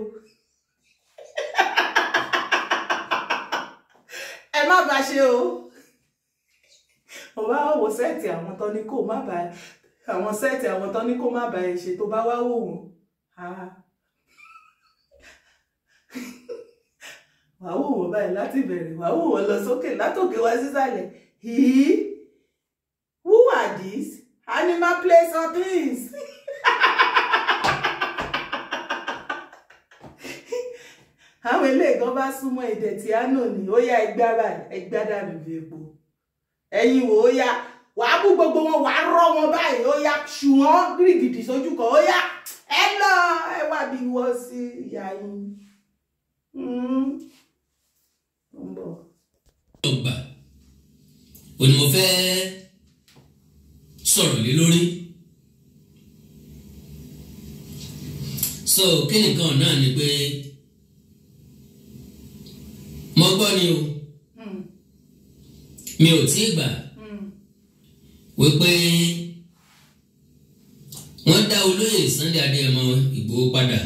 *laughs* ẹ má bàa ṣe o mo bá wò sẹ́ẹ̀tì àwọn tó ní kó má bàa àwọn sẹ́ẹ̀tì àwọn tán ní kó má bàa ẹ̀ ṣe tó bá wá wò wọ́n wà á wò wọ́n báyìí láti bẹ̀rẹ̀ wà á wò wọ́n lọ sókè látòkè wá sísàlẹ̀ hìí who are these animal place or things. *laughs* àwọn eléègán bá súnmọ́ ìdẹ̀tí àánú ni ó yá ẹgbá báyìí ẹgbá dànù bí epo ẹ̀yin wò ó yá wàá bú gbogbo wọn wàá rọ wọn báyìí ó yá ṣù gírígìdì sójú kan ó yá ẹ lọ ẹ wà bí wọ sí ìyá yín. ọgbà ò ní mo fẹ́ sọ̀rọ̀ lé lórí. so kí nìkan náà ni pé mo gbọ́ ni o hmm. mi ò tí ì gbà wípé wọ́n dá olóyè Sunday Adéyẹmọ Ìgbòho padà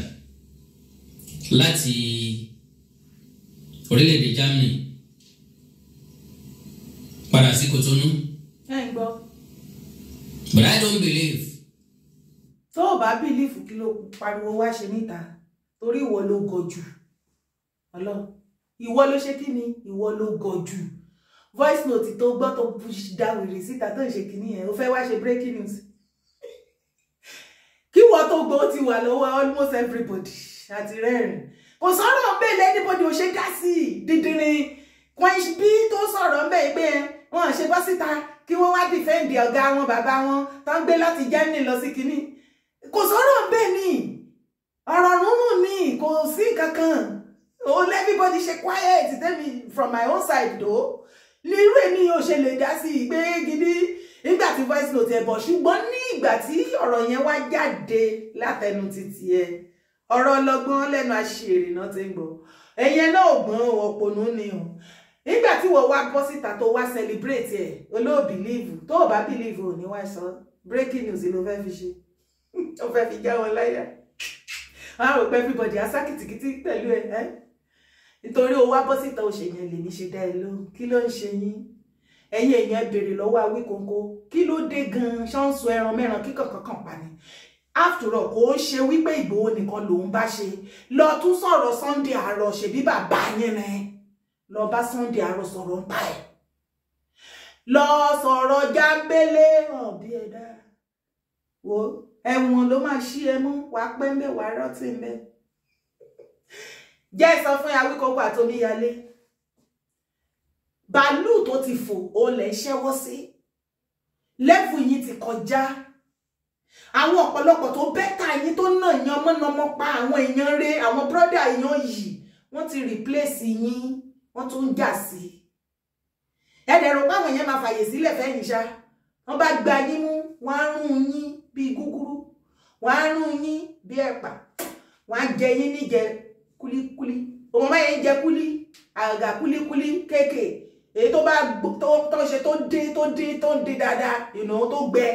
láti orílẹ̀-èdè Germany padà sí Kòtónú. ẹ ń gbọ́. But I don't believe. tó o bá bìlífù kí ló pariwo wá ṣe níta torí ìwọ ló gọ̀ jù ọlọ ìwọ ló ṣe kí ni ìwọ ló gọ̀ jù voice note tó gbọ́ tó dáwèrè síta tó ń ṣe kìíní yẹn o fẹ́ wá ṣe breaking news *laughs* kí wọ́n tó gbọ́ ó ti wà lọ́wọ́ almost everybody àti rẹ́rìn kò sọ̀rọ̀ bẹ́ẹ̀ lẹ́nìbọ̀dì ò ṣe dá sí i dídìrín wọn bí tó sọ̀rọ̀ bẹ́ẹ̀ pé wọn ṣe bọ́ síta kí wọ́n wá dìfẹ́ǹdì ọ̀gá wọn bàbá wọn tó ń gbé láti Germany lọ sí kìíní kò sọ̀rọ̀ bẹ́ẹ̀ ni ọ̀rọ̀ rúnrún ni kò sí kankan oh everybody ṣe quiet tell me from my own side though lirú èmi ò ṣe lè dá sí i pé gidi nígbà tí voice note ẹ̀ bọ̀ ṣùgbọ́n ní ìgbà tí ọ̀rọ̀ yẹn wá jáde látẹnu títí ẹ ọ̀rọ̀ ọlọ́gbọ́n lẹ́nu àṣìírí náà ti ń gbọ́ ẹ̀yẹ náà ò gbọ́n ọ̀pọ̀nù ni o nígbà tí wọ́n wá bọ́ síta tó wá celebrate ẹ̀ olóòbí believe tó ò bá believe ò ní wá sọ breaking news ló fẹ́ fi ṣe ó *laughs* fẹ́ fi já wọn láyà wọn rò pé everybody á sá kìtìkìtì pẹ̀lú ẹ̀ ẹ́ nítorí owó abọ́síta ò ṣe yẹn lè ní ṣe dá ẹ lóhùn kí ló ń ṣe yín ẹ̀yin èèyàn béèrè lọ́wọ́ Awíkonko kí ló dé gan-an ẹran mẹ́ran kíkànkankan pa ni after all kò ń ṣe wípé Ìgbòho nìkan lòun bá ṣe lọ tún sọ̀rọ̀ Sunday àárọ̀ ṣèbí bàbá yẹn rẹ lọ bá Sunday àárọ̀ sọ̀rọ̀ ń pa ẹ̀ lọ sọ̀rọ̀ jábélé hàn bí ẹ dáa wo ẹ̀wọ̀n ló máa ṣí ẹ mú wàá pẹ́ wàá rọ́tì jẹ́ sọ fún Awíkọ́nkọ́ àti Omíyalé bàálù tó ti fò ó lẹ̀ ń ṣẹ́wọ́ sí lẹ́fù yìí ti kọjá àwọn ọ̀pọ̀lọpọ̀ tó bẹ́tà yín tó nà yan mọ́nàmọ́ pa àwọn èèyàn rẹ àwọn brọ́dà èèyàn yìí wọ́n ti rìpléèsì yín wọ́n tún ń jà sí i ẹ̀dẹ̀rọ̀ páwọn èèyàn máa fàyè sílẹ̀ fẹ́yìn ṣá wọ́n bá gba yín mú wọ́n á rún yín bíi gúgúrú wọ́n á rún yín bíi ẹ̀pà wọ́n á jẹ yín níjẹ kúlíkúlí ọmọ báyẹn ń jẹ kúlí àgà kúlíkúlí kéèké èyí tó bá tó ṣe tó dín tó dín tó dín dáadáa ìnáwó tó gbẹ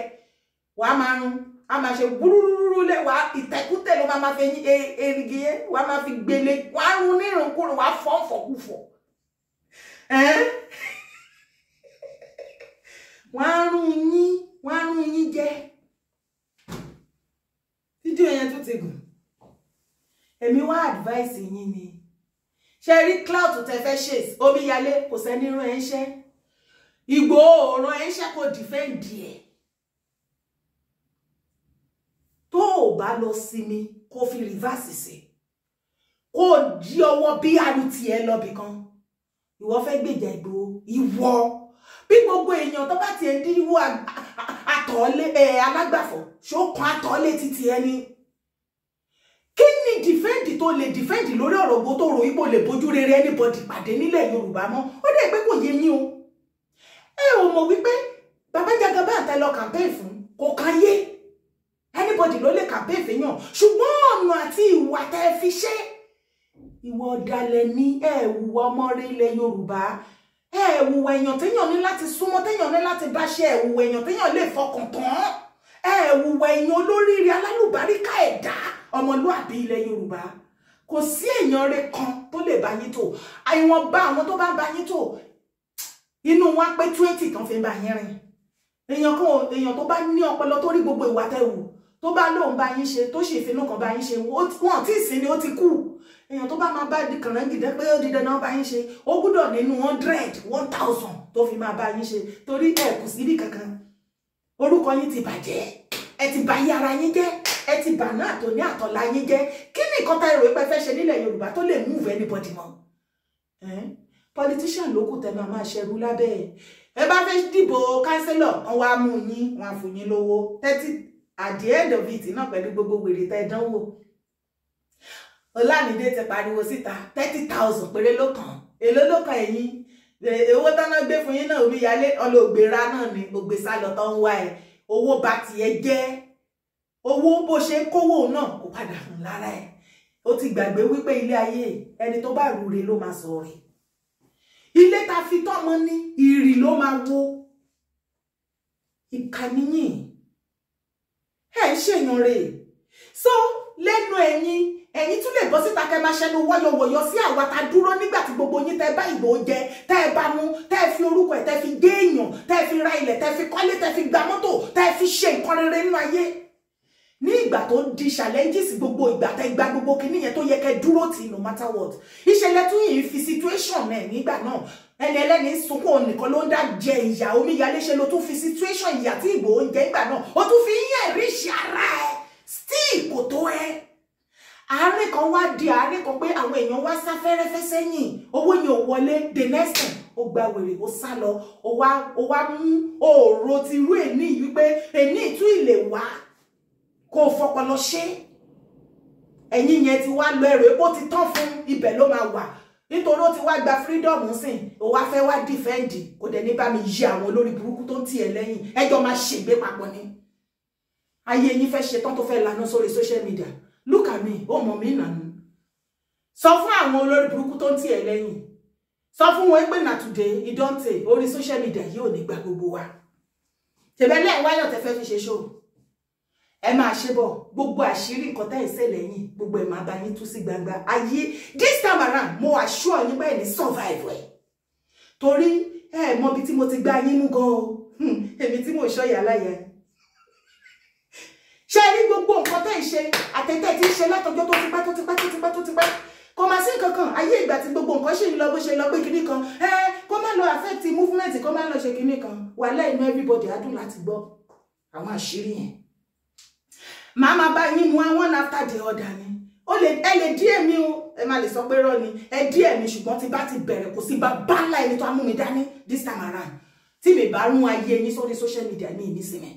wàá máa rún a máa ṣe wúrúrúrú lẹ wàá ìtẹkùtẹ ló máa máa fi yín e, erigi yẹn wàá máa fi gbélé wàá rún nírùnkúrò wàá fọ́nfọ̀kúfọ̀ wọ́n á rún yín wọ́n á rún yín jẹ fídíò yẹn tó ti gùn èmi wá advice yín ni ṣe rí cloud tẹ fẹ́ ṣe omíyalé kò sẹ́ni rán ẹ ń ṣẹ́ Ìgbòho kò dìfẹ́ǹdì ẹ̀ tó o bá lọ sinmi kó fi rìvásì sí kó o jí ọwọ́ bí arúti ẹ lọ bìkan ìwọ fẹ́ gbèjà Ìgbòho ìwọ bí gbogbo èèyàn tó bá tiẹ̀ dínwó àtọ̀ọ́lé alágbàfọ̀ ṣó kan àtọ̀ọ́lé títí ẹni tó lè defend lórí ọ̀rọ̀ ògo tó ro ipò lè bójú rere anybody pàdé nílẹ̀ yorùbá mọ́ ó dẹ̀ pé kò yé yín o ẹ ò mọ̀ wípé bàbá jagaba àtàlọ campaign fún kò kàn yé anybody ló lè campaign fẹ́yàn ṣùgbọ́n ọ̀nà àti ìwà tẹ́ ẹ fi ṣe ìwà ọ̀dàlẹ̀ ní ẹ wùwà ọmọ rẹ ilẹ̀ yorùbá ẹ wùwà èèyàn téèyàn ní láti súnmọ́ téèyàn ní láti bá ṣe ẹ wùwà téèyàn lè fọkàn tán ẹ wùwà èèyàn olóríire alálùbáríkà ẹ̀dá ọmọlúàbí ilẹ̀ yorùbá kò sí èèyàn rẹ kan tó lè bá yín tò àìwọ̀nba àwọn tó bá bá yín tò inú wa pé twenty kan fi ń bá yín rìn èèyàn kan èèyàn tó bá ní ọpọlọ tó rí gbogbo ìwà tẹ̀wù tó bá lóun bá yín ṣe tó ṣe ìfinú kan bá yín ṣe wọn tí ìsìn ni ó ti kú èèyàn tó bá máa bá di kànáà gidi pé ó di dandan bá yín ṣe ó gbúdọ̀ nínú hundred one thousand tó fi máa bá yín ṣe torí ẹ̀ kù síbì kankan orúkọ yín ti bàjẹ́ ẹ ti bàyí ara yín jẹ́ ẹ ti bà náà àtòní àtọ̀la yín jẹ́ kí ni nǹkan tá èrò ìpẹ́fẹ́ ṣe nílẹ̀ Yorùbá tó lè move anybody mọ́ politician ló kù tẹnu àmọ́ àṣẹrú lábẹ́ ẹ̀ ẹ bá fẹ́ dìbò kánsílọ̀ wọn wá mú yín wọn á fún yín lówó thirty at the end of it náà pẹ̀lú gbogbo wèrè tẹ́ ẹ dánwò Ọlámídé ti pariwo síta thirty thousand péré ló kàn èló ló kàn ẹ̀yìn owó táná gbé fún yín náà Omíyalé ọlọ́ọ̀gbéra náà ni ògbésà lọ́tọ́ ń wá ẹ̀ owó bá tiẹ̀ jẹ́ owó bó ṣe ń kówó náà kò padà fún lára ẹ̀ ó ti gbàgbé wípé ilé ayé ẹni tó bá rure ló máa sọ rẹ̀ ilé ta fi tọ́mọ ní ìrì ló máa wó ìkà ẹ ń ṣèyàn so lẹ́nu ẹ̀yin ẹ̀yin tún lè bọ́ síta kẹ́ máa ṣẹnu wọ́yọ̀wọ̀yọ̀ sí àwa ta dúró nígbà tí gbogbo yín tẹ́ bá ìbò jẹ tẹ́ ẹ bá mú tẹ́ ẹ fi orúkọ ẹ̀ tẹ́ fi gé èèyàn tẹ́ fi ra ilẹ̀ tẹ́ fi kọ́lé tẹ́ fi gba mọ́tò tẹ́ fi ṣe nǹkan rere nínú ayé ní ìgbà tó di challenges gbogbo ìgbà tẹ́ gba gbogbo kinní yẹn tó yẹ kẹ́ dúró tì no matter what ìṣẹ̀lẹ̀ tún yìí fi situation náà nígbà náà ẹni ẹlẹ́ni sunkún òun nìkan ló ń dá jẹ ìyà omíyalé ṣe ló tún fi situation ìyà tí ìgbò oúnjẹ ìgbà náà ó tún fi yín ẹ̀rí ṣe ara ẹ still kò tó ẹ àárín kan wá di àárín kan pé àwọn èèyàn wá sá fẹ́rẹ́fẹ́ sẹ́yìn owó yẹn ò wọlé the next time ó gba wèrè ó sá lọ ó wá mú òòrò ti rú èní wípé èní ìtú ìlè wá kó o fọpọlọ ṣe ẹ̀yìn yẹn ti wá lọ ẹ̀rọ epo ti tán fún ibẹ̀ ló máa wà nítorí ó ti wá gba freedom sìn ó wá fẹ́ wá dìfẹ́ǹdì kò dẹ̀ ní bá mi yí àwọn olórí burúkú tó ń tì ẹ́ lẹ́yìn máa ṣègbè papọ̀ ni ayé yín fẹ́ ṣe tán tó fẹ́ lanú sórí social media look at me ó mọ̀ mí nànú sọ fún àwọn olórí burúkú tó ń tì ẹ́ sọ fún wọn pé nàtúndé ìdọ́ǹtè orí social media yìí ò ní gba gbogbo wa tẹ̀bẹ́lẹ́ ìwáyọ̀ tẹ fi ṣe ṣòro ẹ máa ṣe bọ̀ gbogbo àṣírí nǹkan tẹ́ ẹ̀ ṣe gbogbo ẹ̀ máa bá yín tú sí gbangba ayé this time around mo assure yín bẹ́ẹ̀ ní survive ẹ̀ torí ẹ mọ ibi tí mo ti gbá yín mú gan o hmm, èmi tí mo ṣọ́yà láyà ṣe rí gbogbo nǹkan tẹ́ ẹ̀ ṣe àtẹ̀tẹ̀ tí ń ṣe látọjọ́ tó ti pẹ́ tó ti pẹ́ tó ti pẹ́ tó ti pẹ́ kò máa sí nǹkan kan ayé ìgbà tí gbogbo nǹkan ṣì ń lọ bó ṣe lọ pé kinní kan ẹ kó má lọ affect movement kó má lọ ṣe kinní kan wàhálà inú everybody á láti gbọ́ àwọn àṣírí yẹn Mama máa bá one one after the other ni ó le ẹ lè dí èmi o ẹ má lè sọ pé rọ ni ẹ dí èmi ṣùgbọ́n tí bá ti bẹ̀rẹ̀ kò sí bá báńlá ẹni tó á mi dání this time around tí mi bá rún ayé yín sórí social media ni ìnísìnmí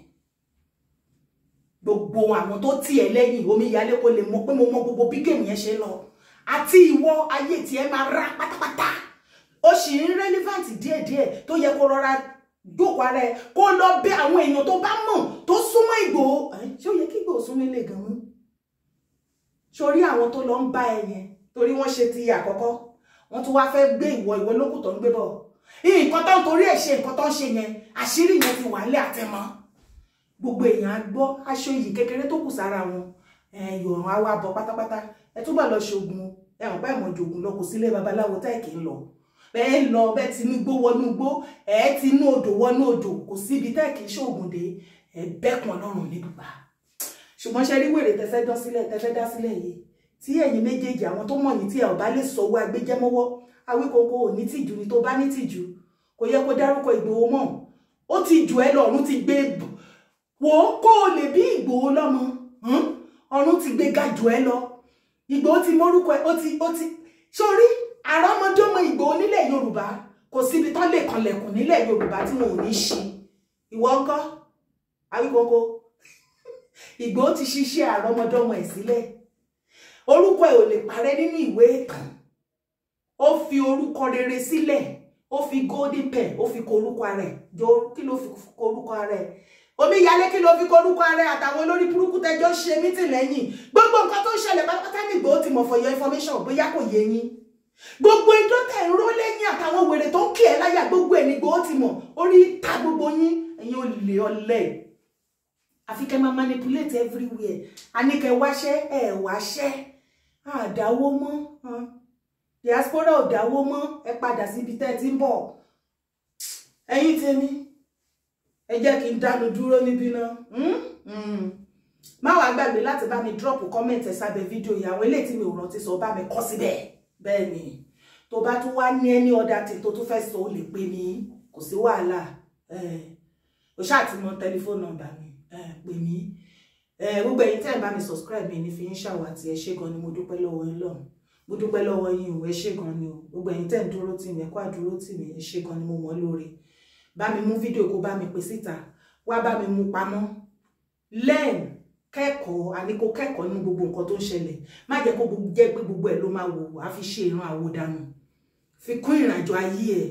gbogbo àwọn tó tiẹ̀ lẹ́yìn omi ìyálé kò yale ko le mo mo gbogbo bí géèmù yẹn ṣe lọ àti ìwọ ayé tiẹ̀ máa rá pátápátá ó sì ń relevant díẹ̀díẹ̀ tó yẹ kó rọra jókòó ara ẹ kó lọ bẹ àwọn èèyàn tó bá mọ̀ tó súnmọ́ Ìgbòho ṣé ó yẹ kí Ìgbòho súnmọ́ ilé gan mú sórí àwọn tó lọ ń bá ẹ yẹn torí wọ́n ṣe ti àkọ́kọ́ wọ́n tún wá fẹ́ gbé ìwọ ìwọ lókùn tó ń gbé bọ̀ nǹkan tó ń torí ẹ̀ ṣe nǹkan tó ń ṣe yẹn àṣírí yẹn ti wà nílẹ̀ àtẹmọ́ gbogbo èèyàn á gbọ́ aṣọ iyì kékeré tó kù sára wọn yòòrùn á wá bọ̀ pátápátá ẹ túbọ̀ lọ ṣoògùn ẹ̀wọ̀n pẹ́ ìmọ̀ jòògùn lọ kò sílé babaláwo táìkì ń lọ bẹ́ẹ̀ lọ bẹ́ẹ̀ ti nígbó wọnú igbó ẹ ti inú odò wọnú odò kò síbi tẹ́ kì í ṣoògùn dé ẹ bẹ́kun ọlọ́run ní bùbá ṣùgbọ́n ṣe rí wèrè tẹ́fẹ́ dán sílẹ̀ tẹ́fẹ́ dá sílẹ̀ yìí tí ẹ̀yin méjèèjì àwọn tó mọ̀ ní tí ẹ ò bá lè sọ̀wọ́ agbẹjẹ́mọ́wọ́ awíkoko ò ní tìjú ni tó bá ní tìjú kò yẹ kó dárúkọ Ìgbòho mọ́ ó ti jù ẹ́ lọ ọ̀run ti gbé wò ó kó o lè bí Ìgbòho lọ́mọ ọ̀run ti gbé ga jù ẹ́ lọ Ìgbòho ti mórúkọ ẹ ó ti ó ti sórí àrọ́mọdọ́mọ ìgbò onílẹ̀ yorùbá kò síbi tán lè kanlẹ̀kùn nílẹ̀ yorùbá tí wọn ò ní ṣe ìwọ ńkọ́ awíkókó *laughs* ìgbò ti ṣiṣẹ́ àrọ́mọdọ́mọ ẹ̀ sílẹ̀ orúkọ ẹ̀ ò lè parẹ́ nínú ìwé ìtàn ó fi orúkọ rere sílẹ̀ ó fi golden pen ó fi korúkọ ara ẹ̀ jọ kí ló fi korúkọ ara ẹ̀ omíyalé kí ló fi korúkọ ara ẹ̀ àtàwọn olórí burúkú tẹjọ ṣe mítì gbogbo nǹkan tó ń ṣẹlẹ̀ pátápátá nìgbò ó ti mọ̀ for your information bóyá kò yé yín gbogbo idó tẹ̀ ń ró lẹ́yìn àtàwọn wèrè tó ń kí ẹ láyà gbogbo ẹ̀ ní gbòó ti mọ̀ orí ta gbogbo yín ẹ̀yin olè ọlẹ́ àfi kẹ́ máa manipulate everywhere àníkẹ́ wáṣẹ́ ẹ̀ wáṣẹ́ àdáwó mọ́ diaspora ò dáwó mọ́ ẹ padà síbi tẹ́ ti ń bọ̀ ẹ̀yin tèmi ẹ jẹ́ kí n dánu dúró níbí náà hmm? hmm. má wàá gbàgbé láti bá mi drop comment ẹ sábẹ́ fídíò ìyàwó eléyìí tí mi ò rántí sọ bá mi kọ síbẹ̀ bẹ́ẹ̀ ni tó bá tún wá ní ẹni ọ̀dà tí tó tún fẹ́ sọ ó lè pè mí kò sí wàhálà o ṣáà ti mọ tẹlifóònù nọ́mbà mi pè mí gbogbo ẹ̀yin tẹ́ ẹ̀ bá mi subscribe mi ní fi ń ṣàwàtì ẹ ṣé gan ni mo dúpẹ́ lọ́wọ́ yín lọ́hùn mo dúpẹ́ lọ́wọ́ yín o ẹ ṣé gan ni o gbogbo ẹ̀yin tẹ́ ń dúró tì mí ẹ kó àdúró tì mí ẹ ṣé gan ni mo mọ̀ lóore bá mi mú fídíò kó bá mi pè síta wá bá mi mú pamọ́ lẹ́yìn kẹ́kọ̀ọ́ àní kó kẹ́kọ̀ọ́ nínú gbogbo nǹkan tó ń ṣẹlẹ̀ má jẹ́ kó jẹ́ pé gbogbo ẹ̀ ló máa wò wá fi ṣe ìran àwòdànù fi kún ìrìnàjò ayé ẹ̀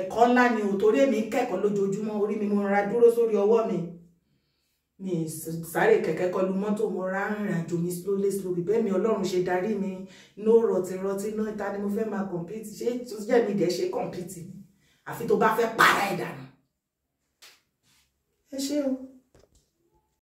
ẹ̀kọ́ ńlá ni ò torí èmi kẹ́kọ̀ọ́ lójoojúmọ́ orí mi mo ra dúró sórí ọwọ́ mi mi sáré kẹ̀kẹ́ kọlu mọ́tò mo ra ìrìnàjò mi slowly slowly bẹ́ẹ̀ mi ọlọ́run ṣe darí mi ló rọtìrọtì náà ta ni mo fẹ́ máa compete ṣé tó jẹ́ mi dẹ̀ ṣe compete àfi tó bá fẹ́ para ẹ̀ dànù ẹ ṣé o.